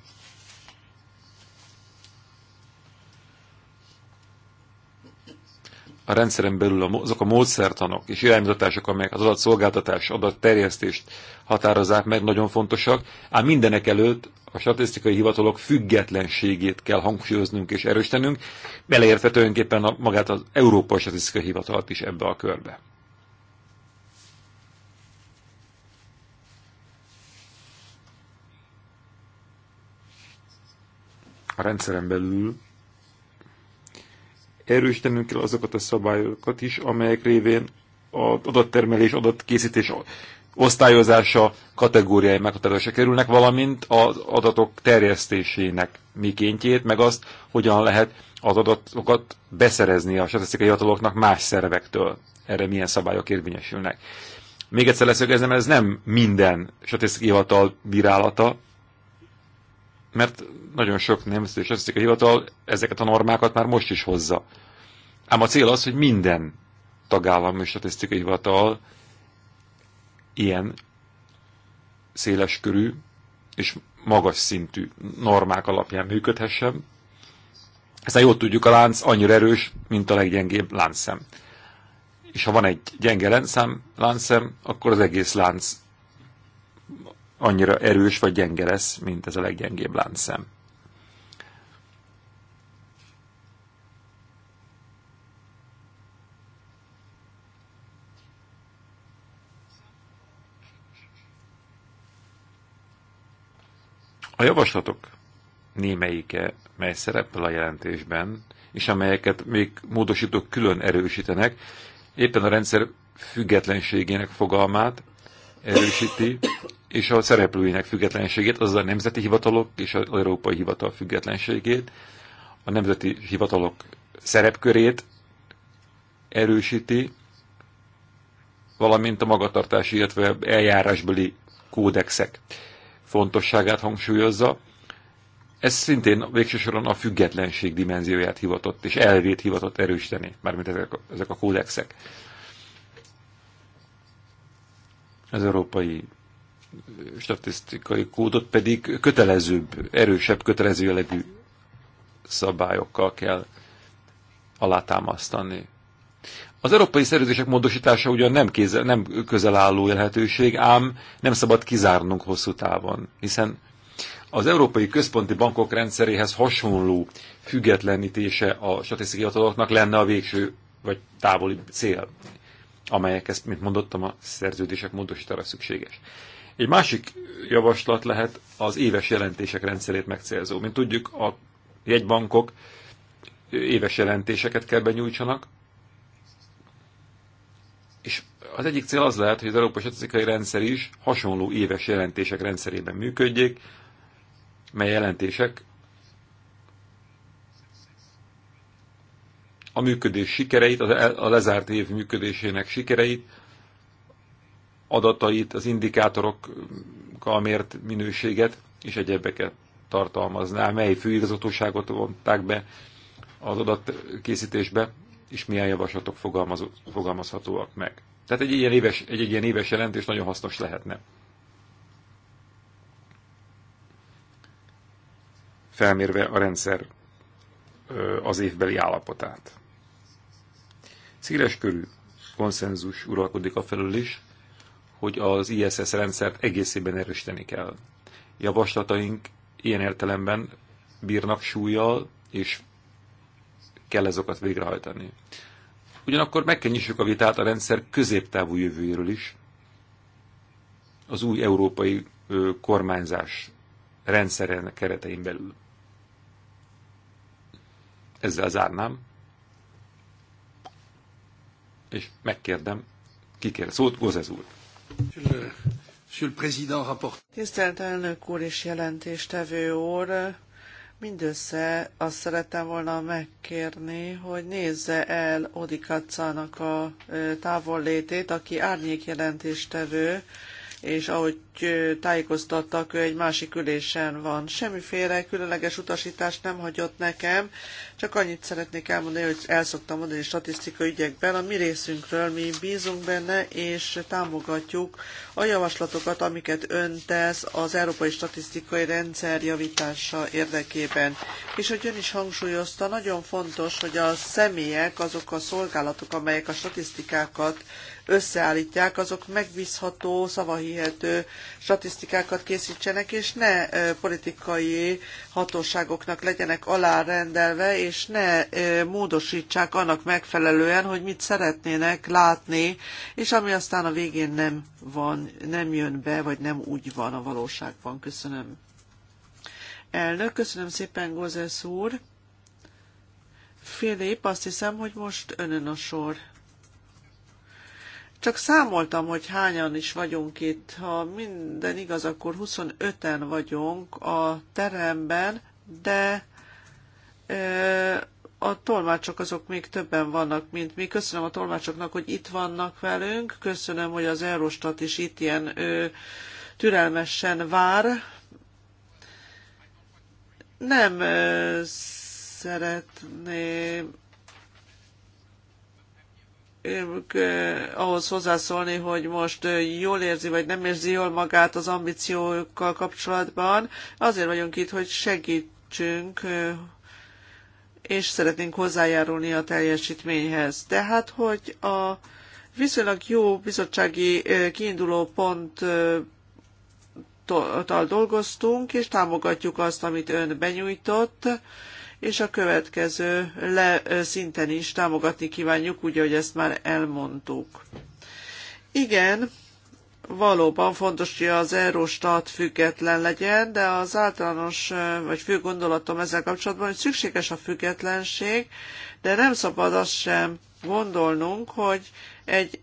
A rendszeren belül azok a módszertanok és iránymutatások, amelyek az adatszolgáltatás, adatterjesztést határozzák meg, nagyon fontosak, ám mindenek előtt a statisztikai hivatalok függetlenségét kell hangsúlyoznunk és erősítenünk, beleértve tulajdonképpen magát az Európai Statisztikai Hivatalat is ebbe a körbe. a rendszeren belül erősítenünk kell azokat a szabályokat is, amelyek révén az adattermelés, adatkészítés osztályozása kategóriái meghatározása kerülnek, valamint az adatok terjesztésének mikéntjét, meg azt, hogyan lehet az adatokat beszerezni a statisztikai hataloknak más szervektől. Erre milyen szabályok érvényesülnek. Még egyszer leszögezem, ez nem minden statisztikai hatal bírálata, mert nagyon sok nemzeti statisztikai hivatal ezeket a normákat már most is hozza. Ám a cél az, hogy minden tagállami statisztikai hivatal ilyen széleskörű és magas szintű normák alapján működhessen. Ezt jól tudjuk, a lánc annyira erős, mint a leggyengébb láncszem. És ha van egy gyenge láncszem, láncszem akkor az egész lánc annyira erős vagy gyenge lesz, mint ez a leggyengébb láncszem. A javaslatok némelyike, mely szerepel a jelentésben, és amelyeket még módosítók külön erősítenek, éppen a rendszer függetlenségének fogalmát erősíti, és a szereplőinek függetlenségét, azaz a nemzeti hivatalok és az európai hivatal függetlenségét, a nemzeti hivatalok szerepkörét erősíti, valamint a magatartási, illetve eljárásbeli kódexek fontosságát hangsúlyozza. Ez szintén végsősoron a függetlenség dimenzióját hivatott, és elvét hivatott erősíteni, mármint ezek a, ezek a kódexek. Az európai statisztikai kódot pedig kötelezőbb, erősebb kötelező jellegű szabályokkal kell alátámasztani. Az európai szerződések módosítása ugyan nem, kézzel, nem közel álló lehetőség, ám nem szabad kizárnunk hosszú távon, hiszen az európai központi bankok rendszeréhez hasonló függetlenítése a statisztikai adatoknak lenne a végső vagy távoli cél, amelyek ezt, mint mondottam, a szerződések módosítása szükséges. Egy másik javaslat lehet az éves jelentések rendszerét megcélzó. Mint tudjuk, a jegybankok éves jelentéseket kell benyújtsanak, és az egyik cél az lehet, hogy az európai statisztikai rendszer is hasonló éves jelentések rendszerében működjék, mely jelentések a működés sikereit, a lezárt év működésének sikereit adatait, az indikátorokkal mért minőséget és egyebeket tartalmazná, mely főigazgatóságot vonták be az adatkészítésbe, és milyen javaslatok fogalmaz, fogalmazhatóak meg. Tehát egy ilyen éves, egy, egy ilyen éves jelentés nagyon hasznos lehetne. Felmérve a rendszer az évbeli állapotát. Széles körű konszenzus uralkodik a felül is, hogy az ISS rendszert egészében erősíteni kell. Javaslataink ilyen értelemben bírnak súlyjal, és kell ezokat végrehajtani. Ugyanakkor meg kell nyissuk a vitát a rendszer középtávú jövőjéről is, az új európai kormányzás rendszerének keretein belül. Ezzel zárnám, és megkérdem, ki kér szót, Gozez úr. Tisztelt elnök úr és jelentéstevő úr, mindössze azt szerettem volna megkérni, hogy nézze el Odikacának a távollétét, aki árnyék jelentéstevő, és ahogy úgy tájékoztattak, ő egy másik ülésen van. Semmiféle különleges utasítást nem hagyott nekem, csak annyit szeretnék elmondani, hogy el szoktam mondani statisztikai ügyekben, a mi részünkről mi bízunk benne, és támogatjuk a javaslatokat, amiket ön tesz az európai statisztikai rendszer javítása érdekében. És hogy ön is hangsúlyozta, nagyon fontos, hogy a személyek, azok a szolgálatok, amelyek a statisztikákat összeállítják, azok megbízható, szavahihető statisztikákat készítsenek, és ne politikai hatóságoknak legyenek alárendelve, és ne módosítsák annak megfelelően, hogy mit szeretnének látni, és ami aztán a végén nem van, nem jön be, vagy nem úgy van a valóságban. Köszönöm. Elnök, köszönöm szépen, Gozesz úr. Filip, azt hiszem, hogy most önön a sor. Csak számoltam, hogy hányan is vagyunk itt. Ha minden igaz, akkor 25-en vagyunk a teremben, de a tolmácsok azok még többen vannak, mint mi. Köszönöm a tolmácsoknak, hogy itt vannak velünk. Köszönöm, hogy az Eurostat is itt ilyen ő türelmesen vár. Nem ö, szeretném ahhoz hozzászólni, hogy most jól érzi, vagy nem érzi jól magát az ambíciókkal kapcsolatban. Azért vagyunk itt, hogy segítsünk, és szeretnénk hozzájárulni a teljesítményhez. Tehát, hogy a viszonylag jó bizottsági kiinduló pont dolgoztunk, és támogatjuk azt, amit ön benyújtott, és a következő le szinten is támogatni kívánjuk, úgy, ahogy ezt már elmondtuk. Igen, valóban fontos, hogy az Eurostat független legyen, de az általános vagy fő gondolatom ezzel kapcsolatban, hogy szükséges a függetlenség, de nem szabad azt sem gondolnunk, hogy egy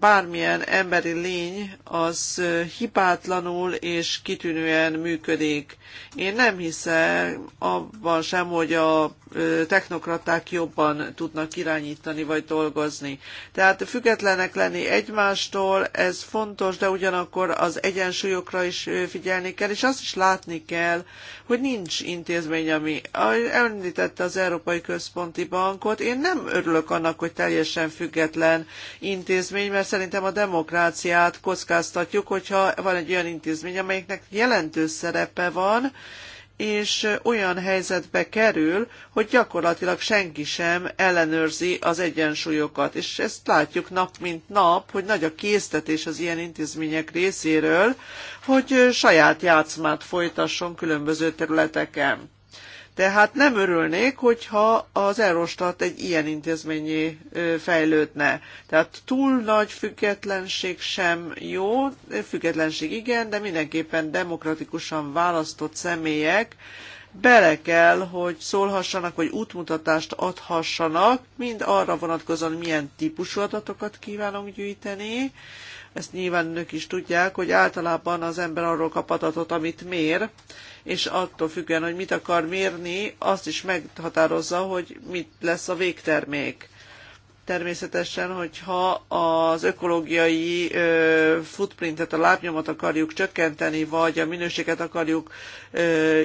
bármilyen emberi lény az hibátlanul és kitűnően működik. Én nem hiszem abban sem, hogy a technokraták jobban tudnak irányítani vagy dolgozni. Tehát függetlenek lenni egymástól, ez fontos, de ugyanakkor az egyensúlyokra is figyelni kell, és azt is látni kell, hogy nincs intézmény, ami említette az Európai Központi Bankot. Én nem örülök annak, hogy teljesen független intézmény, mert mert szerintem a demokráciát kockáztatjuk, hogyha van egy olyan intézmény, amelyiknek jelentős szerepe van, és olyan helyzetbe kerül, hogy gyakorlatilag senki sem ellenőrzi az egyensúlyokat. És ezt látjuk nap mint nap, hogy nagy a késztetés az ilyen intézmények részéről, hogy saját játszmát folytasson különböző területeken. Tehát nem örülnék, hogyha az Eurostat egy ilyen intézményé fejlődne. Tehát túl nagy függetlenség sem jó, függetlenség igen, de mindenképpen demokratikusan választott személyek bele kell, hogy szólhassanak, vagy útmutatást adhassanak, mind arra vonatkozóan, milyen típusú adatokat kívánunk gyűjteni, ezt nyilván önök is tudják, hogy általában az ember arról kap adatot, amit mér, és attól függően, hogy mit akar mérni, azt is meghatározza, hogy mit lesz a végtermék. Természetesen, hogyha az ökológiai ö, footprintet, a lábnyomot akarjuk csökkenteni, vagy a minőséget akarjuk ö,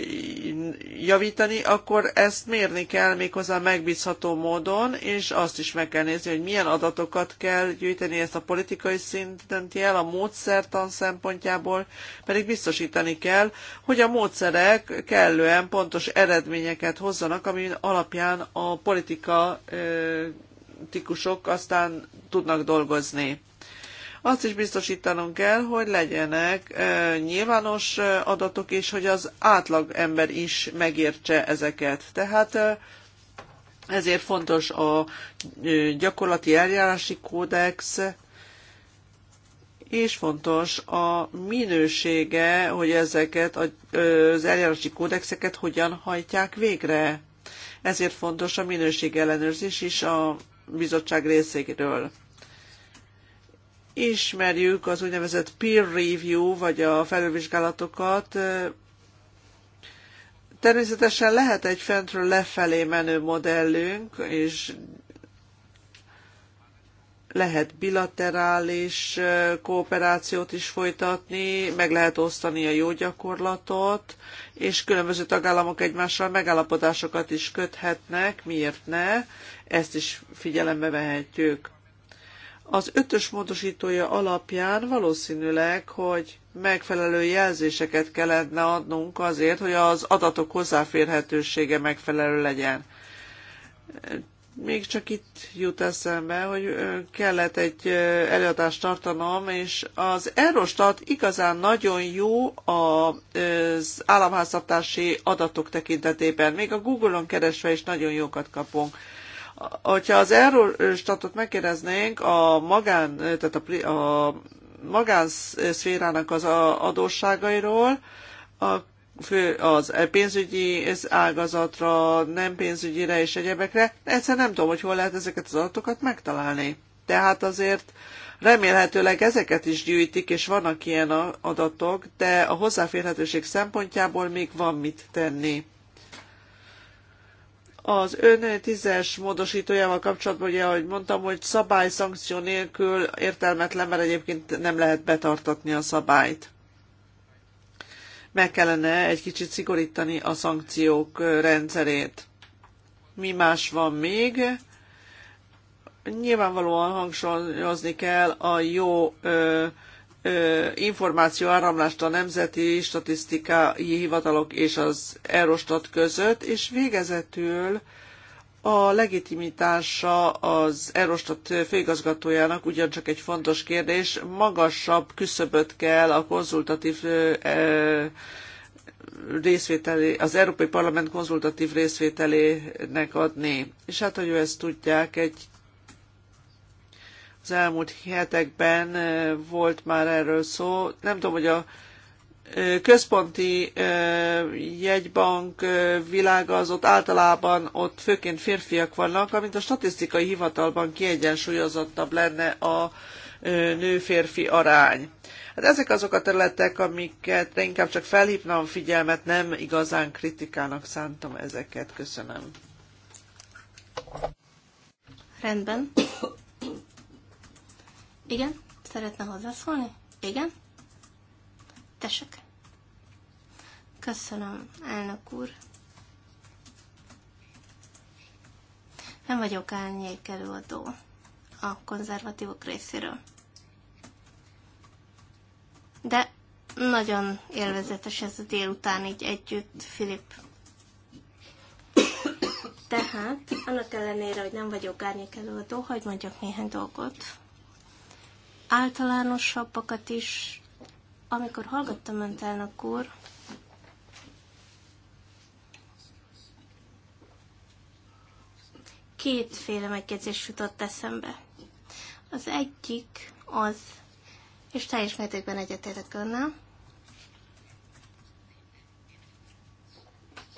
javítani, akkor ezt mérni kell méghozzá megbízható módon, és azt is meg kell nézni, hogy milyen adatokat kell gyűjteni ezt a politikai szinten el, a módszertan szempontjából pedig biztosítani kell, hogy a módszerek kellően pontos eredményeket hozzanak, ami alapján a politika ö, politikusok aztán tudnak dolgozni. Azt is biztosítanunk kell, hogy legyenek nyilvános adatok, és hogy az átlag ember is megértse ezeket. Tehát ezért fontos a gyakorlati eljárási kódex, és fontos a minősége, hogy ezeket az eljárási kódexeket hogyan hajtják végre. Ezért fontos a minőség ellenőrzés is a bizottság részéről. Ismerjük az úgynevezett peer review, vagy a felülvizsgálatokat. Természetesen lehet egy fentről lefelé menő modellünk, és lehet bilaterális kooperációt is folytatni, meg lehet osztani a jó gyakorlatot, és különböző tagállamok egymással megállapodásokat is köthetnek, miért ne, ezt is figyelembe vehetjük. Az ötös módosítója alapján valószínűleg, hogy megfelelő jelzéseket kellene adnunk azért, hogy az adatok hozzáférhetősége megfelelő legyen még csak itt jut eszembe, hogy kellett egy előadást tartanom, és az Eurostat igazán nagyon jó az államháztartási adatok tekintetében. Még a Google-on keresve is nagyon jókat kapunk. Hogyha az Eurostatot megkérdeznénk, a magán, tehát a, a magánszférának az adósságairól, akkor fő az e, pénzügyi ágazatra, nem pénzügyire és egyebekre. Egyszerűen nem tudom, hogy hol lehet ezeket az adatokat megtalálni. Tehát azért remélhetőleg ezeket is gyűjtik, és vannak ilyen adatok, de a hozzáférhetőség szempontjából még van mit tenni. Az ön 10-es módosítójával kapcsolatban, ugye, ahogy mondtam, hogy szabály szankció nélkül értelmetlen, mert egyébként nem lehet betartatni a szabályt meg kellene egy kicsit szigorítani a szankciók rendszerét. Mi más van még? Nyilvánvalóan hangsúlyozni kell a jó ö, ö, információ áramlást a Nemzeti Statisztikai Hivatalok és az Eurostat között, és végezetül a legitimitása az Eurostat főigazgatójának ugyancsak egy fontos kérdés. Magasabb küszöböt kell a konzultatív részvételi, az Európai Parlament konzultatív részvételének adni. És hát, hogy ezt tudják, egy az elmúlt hetekben volt már erről szó. Nem tudom, hogy a központi jegybank világa az ott általában ott főként férfiak vannak, amint a statisztikai hivatalban kiegyensúlyozottabb lenne a nő-férfi arány. Hát ezek azok a területek, amiket inkább csak felhívnám figyelmet, nem igazán kritikának szántam ezeket. Köszönöm. Rendben. Igen? Szeretne hozzászólni? Igen? Tessék. Köszönöm, elnök úr. Nem vagyok árnyék előadó a konzervatívok részéről. De nagyon élvezetes ez a délután így együtt, Filip. Tehát, annak ellenére, hogy nem vagyok árnyék előadó, hogy mondjak néhány dolgot. Általánosabbakat is, amikor hallgattam önt elnök úr, kétféle megjegyzés jutott eszembe. Az egyik az, és teljes mértékben egyetértek önnel,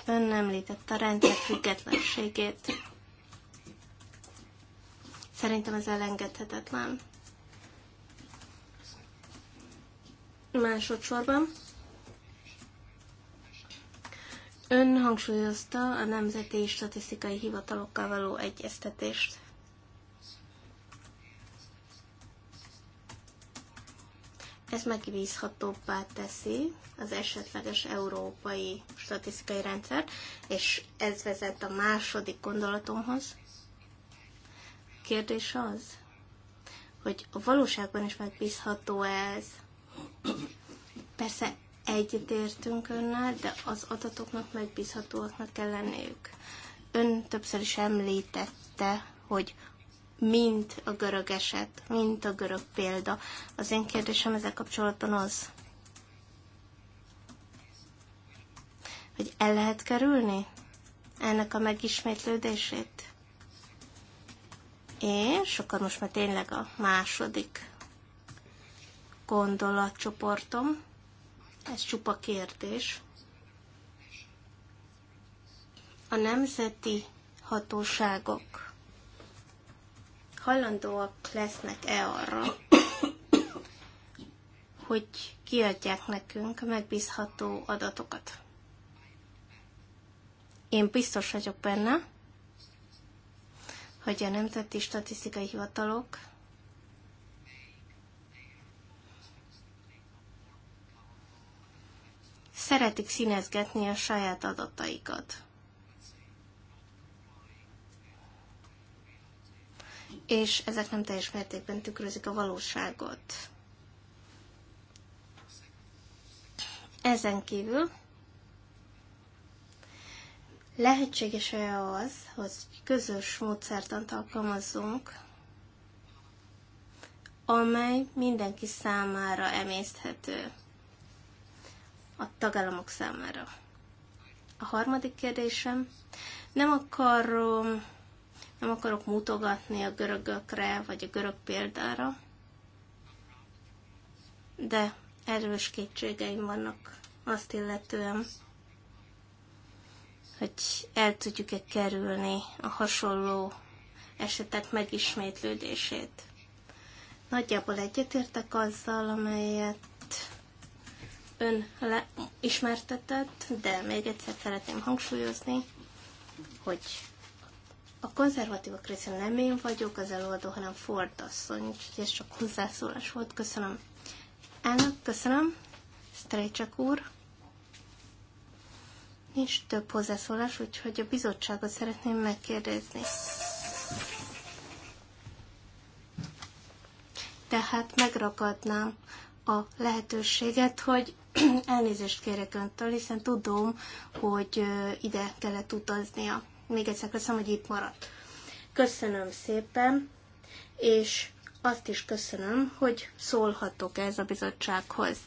ön említette a rendszer függetlenségét. Szerintem ez elengedhetetlen. Másodszorban ön hangsúlyozta a Nemzeti Statisztikai Hivatalokkal való egyeztetést. Ez megbízhatóbbá teszi az esetleges európai statisztikai rendszer, és ez vezet a második gondolatomhoz. kérdés az, hogy a valóságban is megbízható -e ez. Persze egyetértünk önnel, de az adatoknak megbízhatóaknak kell lenniük. Ön többször is említette, hogy mint a görög eset, mint a görög példa. Az én kérdésem ezzel kapcsolatban az, hogy el lehet kerülni ennek a megismétlődését. És akkor most már tényleg a második gondolatcsoportom, ez csupa kérdés. A nemzeti hatóságok hajlandóak lesznek-e arra, hogy kiadják nekünk megbízható adatokat. Én biztos vagyok benne, hogy a Nemzeti Statisztikai Hivatalok szeretik színezgetni a saját adataikat. És ezek nem teljes mértékben tükrözik a valóságot. Ezen kívül lehetséges -e az, hogy közös módszertant alkalmazzunk, amely mindenki számára emészthető a tagállamok számára. A harmadik kérdésem, nem akarom, nem akarok mutogatni a görögökre, vagy a görög példára, de erős kétségeim vannak azt illetően, hogy el tudjuk-e kerülni a hasonló esetek megismétlődését. Nagyjából egyetértek azzal, amelyet ön ismertetett, de még egyszer szeretném hangsúlyozni, hogy a konzervatívok részén nem én vagyok az előadó, hanem Ford asszony, úgyhogy ez csak hozzászólás volt. Köszönöm. Elnök, köszönöm. Strejcsek úr. Nincs több hozzászólás, úgyhogy a bizottságot szeretném megkérdezni. Tehát megragadnám a lehetőséget, hogy elnézést kérek öntől, hiszen tudom, hogy ide kellett utaznia. Még egyszer köszönöm, hogy itt maradt. Köszönöm szépen, és azt is köszönöm, hogy szólhatok ez a bizottsághoz.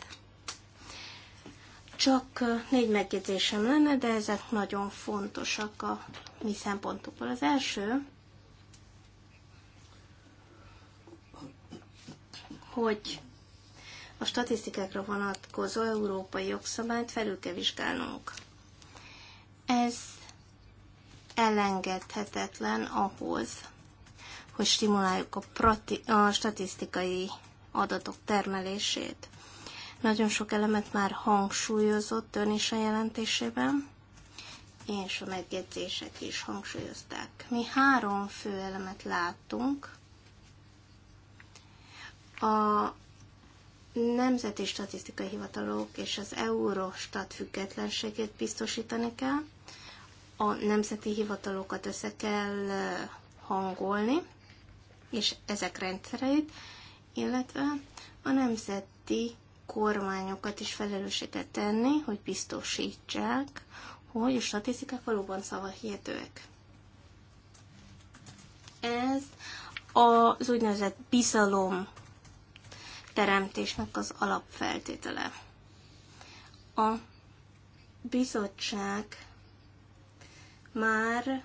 Csak négy megjegyzésem lenne, de ezek nagyon fontosak a mi szempontokból. Az első, hogy a statisztikákra vonatkozó európai jogszabályt felül kell vizsgálnunk. Ez elengedhetetlen ahhoz, hogy stimuláljuk a, prati, a statisztikai adatok termelését. Nagyon sok elemet már hangsúlyozott ön is a jelentésében, és a megjegyzések is hangsúlyozták. Mi három fő elemet látunk. A nemzeti statisztikai hivatalok és az Eurostat függetlenségét biztosítani kell, a nemzeti hivatalokat össze kell hangolni, és ezek rendszereit, illetve a nemzeti kormányokat is felelősséget tenni, hogy biztosítsák, hogy a statisztikák valóban szavahihetőek. Ez az úgynevezett bizalom teremtésnek az alapfeltétele. A bizottság már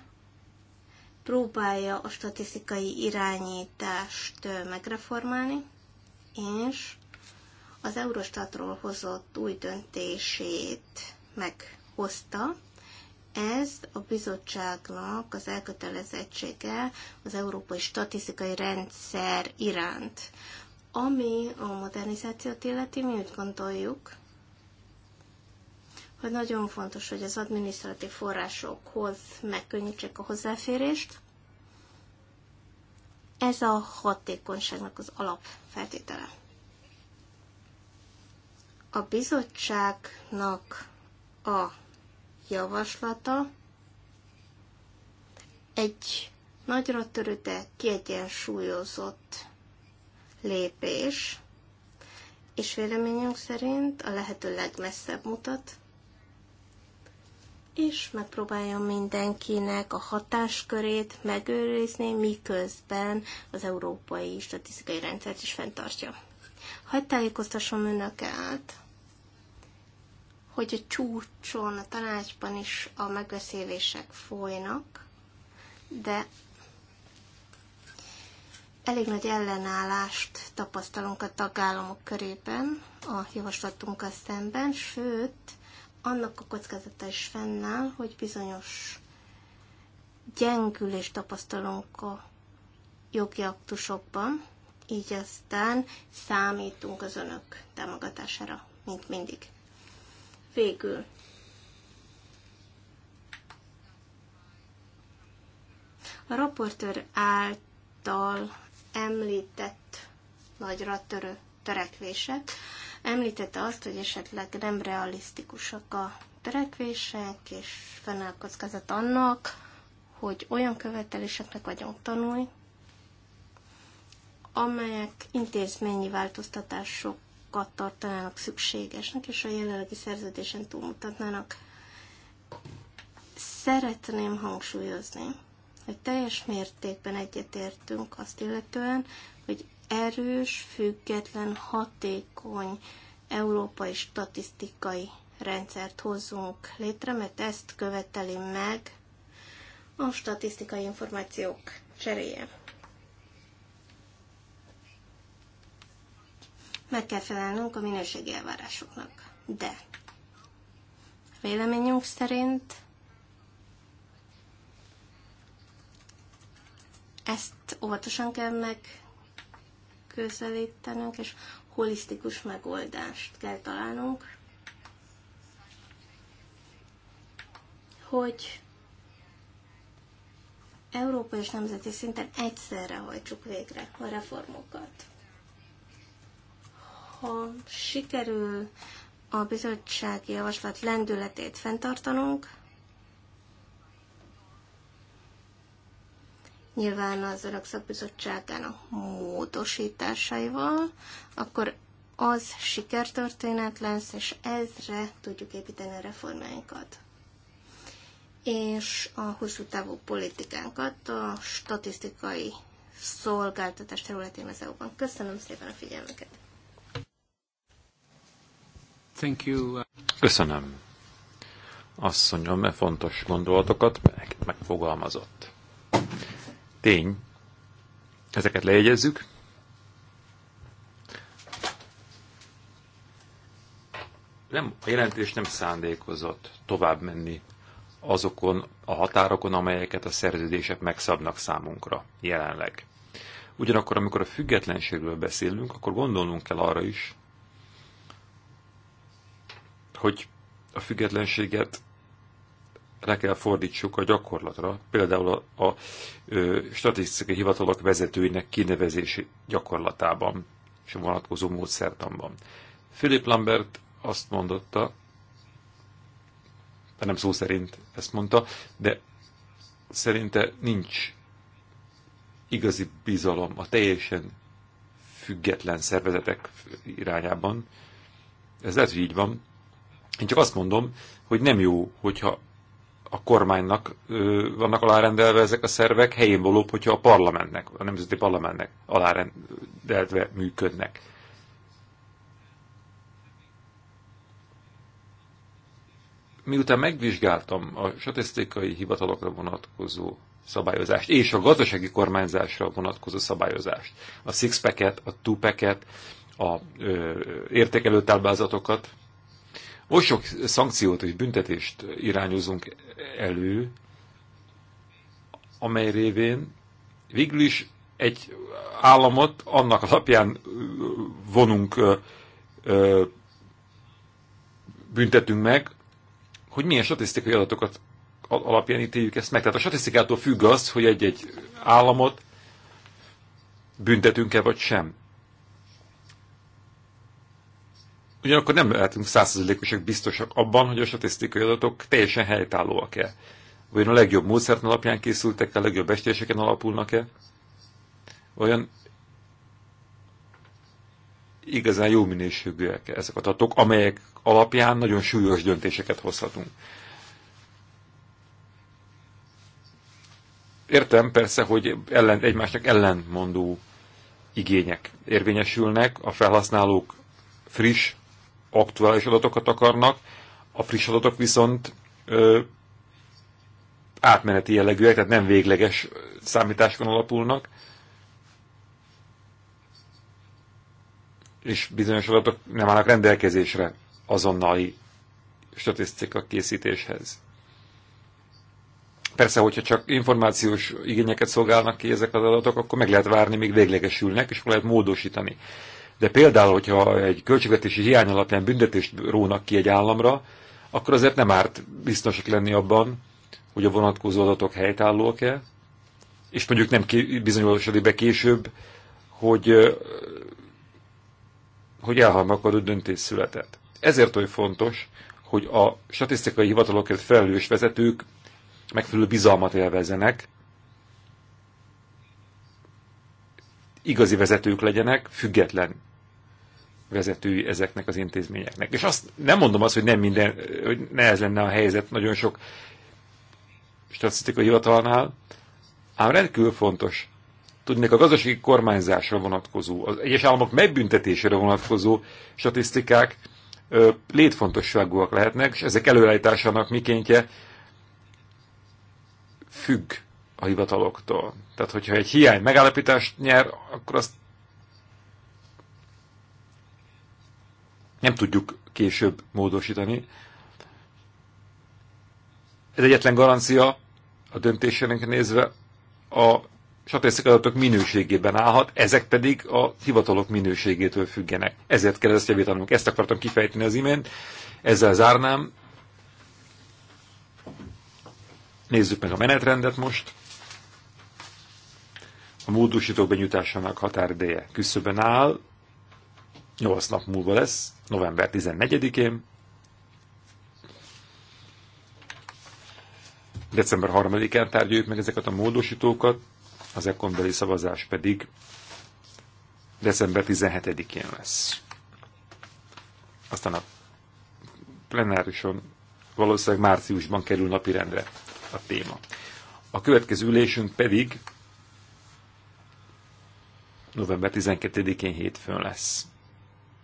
próbálja a statisztikai irányítást megreformálni, és az Eurostatról hozott új döntését meghozta. Ez a bizottságnak az elkötelezettsége az európai statisztikai rendszer iránt. Ami a modernizációt illeti, mi úgy gondoljuk, hogy nagyon fontos, hogy az adminisztratív forrásokhoz megkönnyítsék a hozzáférést. Ez a hatékonyságnak az alapfeltétele. A bizottságnak a javaslata egy nagyra törő, de kiegyensúlyozott lépés, és véleményünk szerint a lehető legmesszebb mutat, és megpróbálja mindenkinek a hatáskörét megőrizni, miközben az európai statisztikai rendszert is fenntartja. Hagy tájékoztassam önöket, hogy a csúcson, a tanácsban is a megbeszélések folynak, de Elég nagy ellenállást tapasztalunk a tagállamok körében a javaslatunkkal szemben, sőt, annak a kockázata is fennáll, hogy bizonyos gyengülést tapasztalunk a jogi aktusokban, így aztán számítunk az önök támogatására, mint mindig. Végül. A raportőr által említett nagyra törő törekvések. Említette azt, hogy esetleg nem realisztikusak a törekvések, és fennáll kockázat annak, hogy olyan követeléseknek vagyunk tanulni, amelyek intézményi változtatásokat tartanának szükségesnek, és a jelenlegi szerződésen túlmutatnának. Szeretném hangsúlyozni, hogy teljes mértékben egyetértünk azt illetően, hogy erős, független, hatékony európai statisztikai rendszert hozzunk létre, mert ezt követeli meg a statisztikai információk cseréje. Meg kell felelnünk a minőségi elvárásoknak. De véleményünk szerint Ezt óvatosan kell megközelítenünk, és holisztikus megoldást kell találnunk, hogy Európa és nemzeti szinten egyszerre hajtsuk végre a reformokat. Ha sikerül a bizottsági javaslat lendületét fenntartanunk, nyilván az Örök Szakbizottságának módosításaival, akkor az sikertörténet lesz, és ezre tudjuk építeni a reformjainkat. És a hosszú távú politikánkat a statisztikai szolgáltatás területén az EU-ban. Köszönöm szépen a figyelmüket! Thank you. Köszönöm. mondjam, mert fontos gondolatokat meg, megfogalmazott. Tény. Ezeket lejegyezzük. Nem, a jelentés nem szándékozott tovább menni azokon a határokon, amelyeket a szerződések megszabnak számunkra jelenleg. Ugyanakkor, amikor a függetlenségről beszélünk, akkor gondolnunk kell arra is, hogy a függetlenséget le kell fordítsuk a gyakorlatra, például a, a ö, statisztikai hivatalok vezetőinek kinevezési gyakorlatában és a vonatkozó módszertanban. Philip Lambert azt mondotta, de nem szó szerint ezt mondta, de szerinte nincs igazi bizalom a teljesen független szervezetek irányában. Ez lehet, hogy így van. Én csak azt mondom, hogy nem jó, hogyha a kormánynak ö, vannak alárendelve ezek a szervek, helyén valóbb, hogyha a parlamentnek, a nemzeti parlamentnek alárendelve működnek. Miután megvizsgáltam a statisztikai hivatalokra vonatkozó szabályozást és a gazdasági kormányzásra vonatkozó szabályozást, a six-packet, a two-packet, a ö, értékelő táblázatokat, Oly sok szankciót és büntetést irányozunk elő, amely révén végül is egy államot annak alapján vonunk, büntetünk meg, hogy milyen statisztikai adatokat alapján ítéljük ezt meg. Tehát a statisztikától függ az, hogy egy-egy államot büntetünk-e vagy sem. Ugyanakkor nem lehetünk százszerzelékosak biztosak abban, hogy a statisztikai adatok teljesen helytállóak-e. Vagy a legjobb módszert alapján készültek, a legjobb estéseken alapulnak-e. Olyan igazán jó minőségűek -e ezek a adatok, amelyek alapján nagyon súlyos döntéseket hozhatunk. Értem persze, hogy ellen, egymásnak ellentmondó igények érvényesülnek, a felhasználók friss aktuális adatokat akarnak, a friss adatok viszont ö, átmeneti jellegűek, tehát nem végleges számításokon alapulnak, és bizonyos adatok nem állnak rendelkezésre azonnali statisztika készítéshez. Persze, hogyha csak információs igényeket szolgálnak ki ezek az adatok, akkor meg lehet várni, míg véglegesülnek, és akkor lehet módosítani de például, hogyha egy költségvetési hiány alapján büntetést rónak ki egy államra, akkor azért nem árt biztosak lenni abban, hogy a vonatkozó adatok helytállóak-e, és mondjuk nem bizonyosodik be később, hogy, hogy elhalmakodott döntés született. Ezért olyan fontos, hogy a statisztikai hivatalokért felelős vezetők megfelelő bizalmat élvezenek, igazi vezetők legyenek, független vezetői ezeknek az intézményeknek. És azt nem mondom azt, hogy nem minden, hogy ne ez lenne a helyzet nagyon sok statisztikai hivatalnál, ám rendkívül fontos tudnék a gazdasági kormányzásra vonatkozó, az egyes államok megbüntetésére vonatkozó statisztikák ö, létfontosságúak lehetnek, és ezek előállításának mikéntje függ a hivataloktól. Tehát, hogyha egy hiány megállapítást nyer, akkor azt nem tudjuk később módosítani. Ez egyetlen garancia a döntésének nézve a statisztikai adatok minőségében állhat, ezek pedig a hivatalok minőségétől függenek. Ezért kell ezt javítanunk. Ezt akartam kifejteni az imént, ezzel zárnám. Nézzük meg a menetrendet most. A módosítók benyújtásának határideje küszöben áll, 8 nap múlva lesz november 14-én, december 3-án tárgyaljuk meg ezeket a módosítókat, az ekonbeli szavazás pedig december 17-én lesz. Aztán a plenárison valószínűleg márciusban kerül napirendre a téma. A következő ülésünk pedig november 12-én hétfőn lesz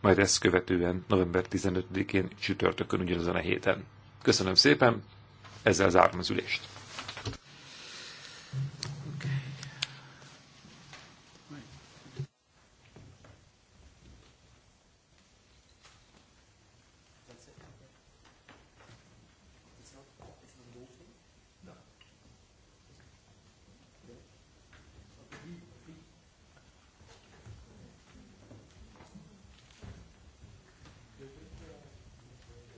majd ezt követően november 15-én csütörtökön ugyanazon a héten. Köszönöm szépen, ezzel zárom az ülést.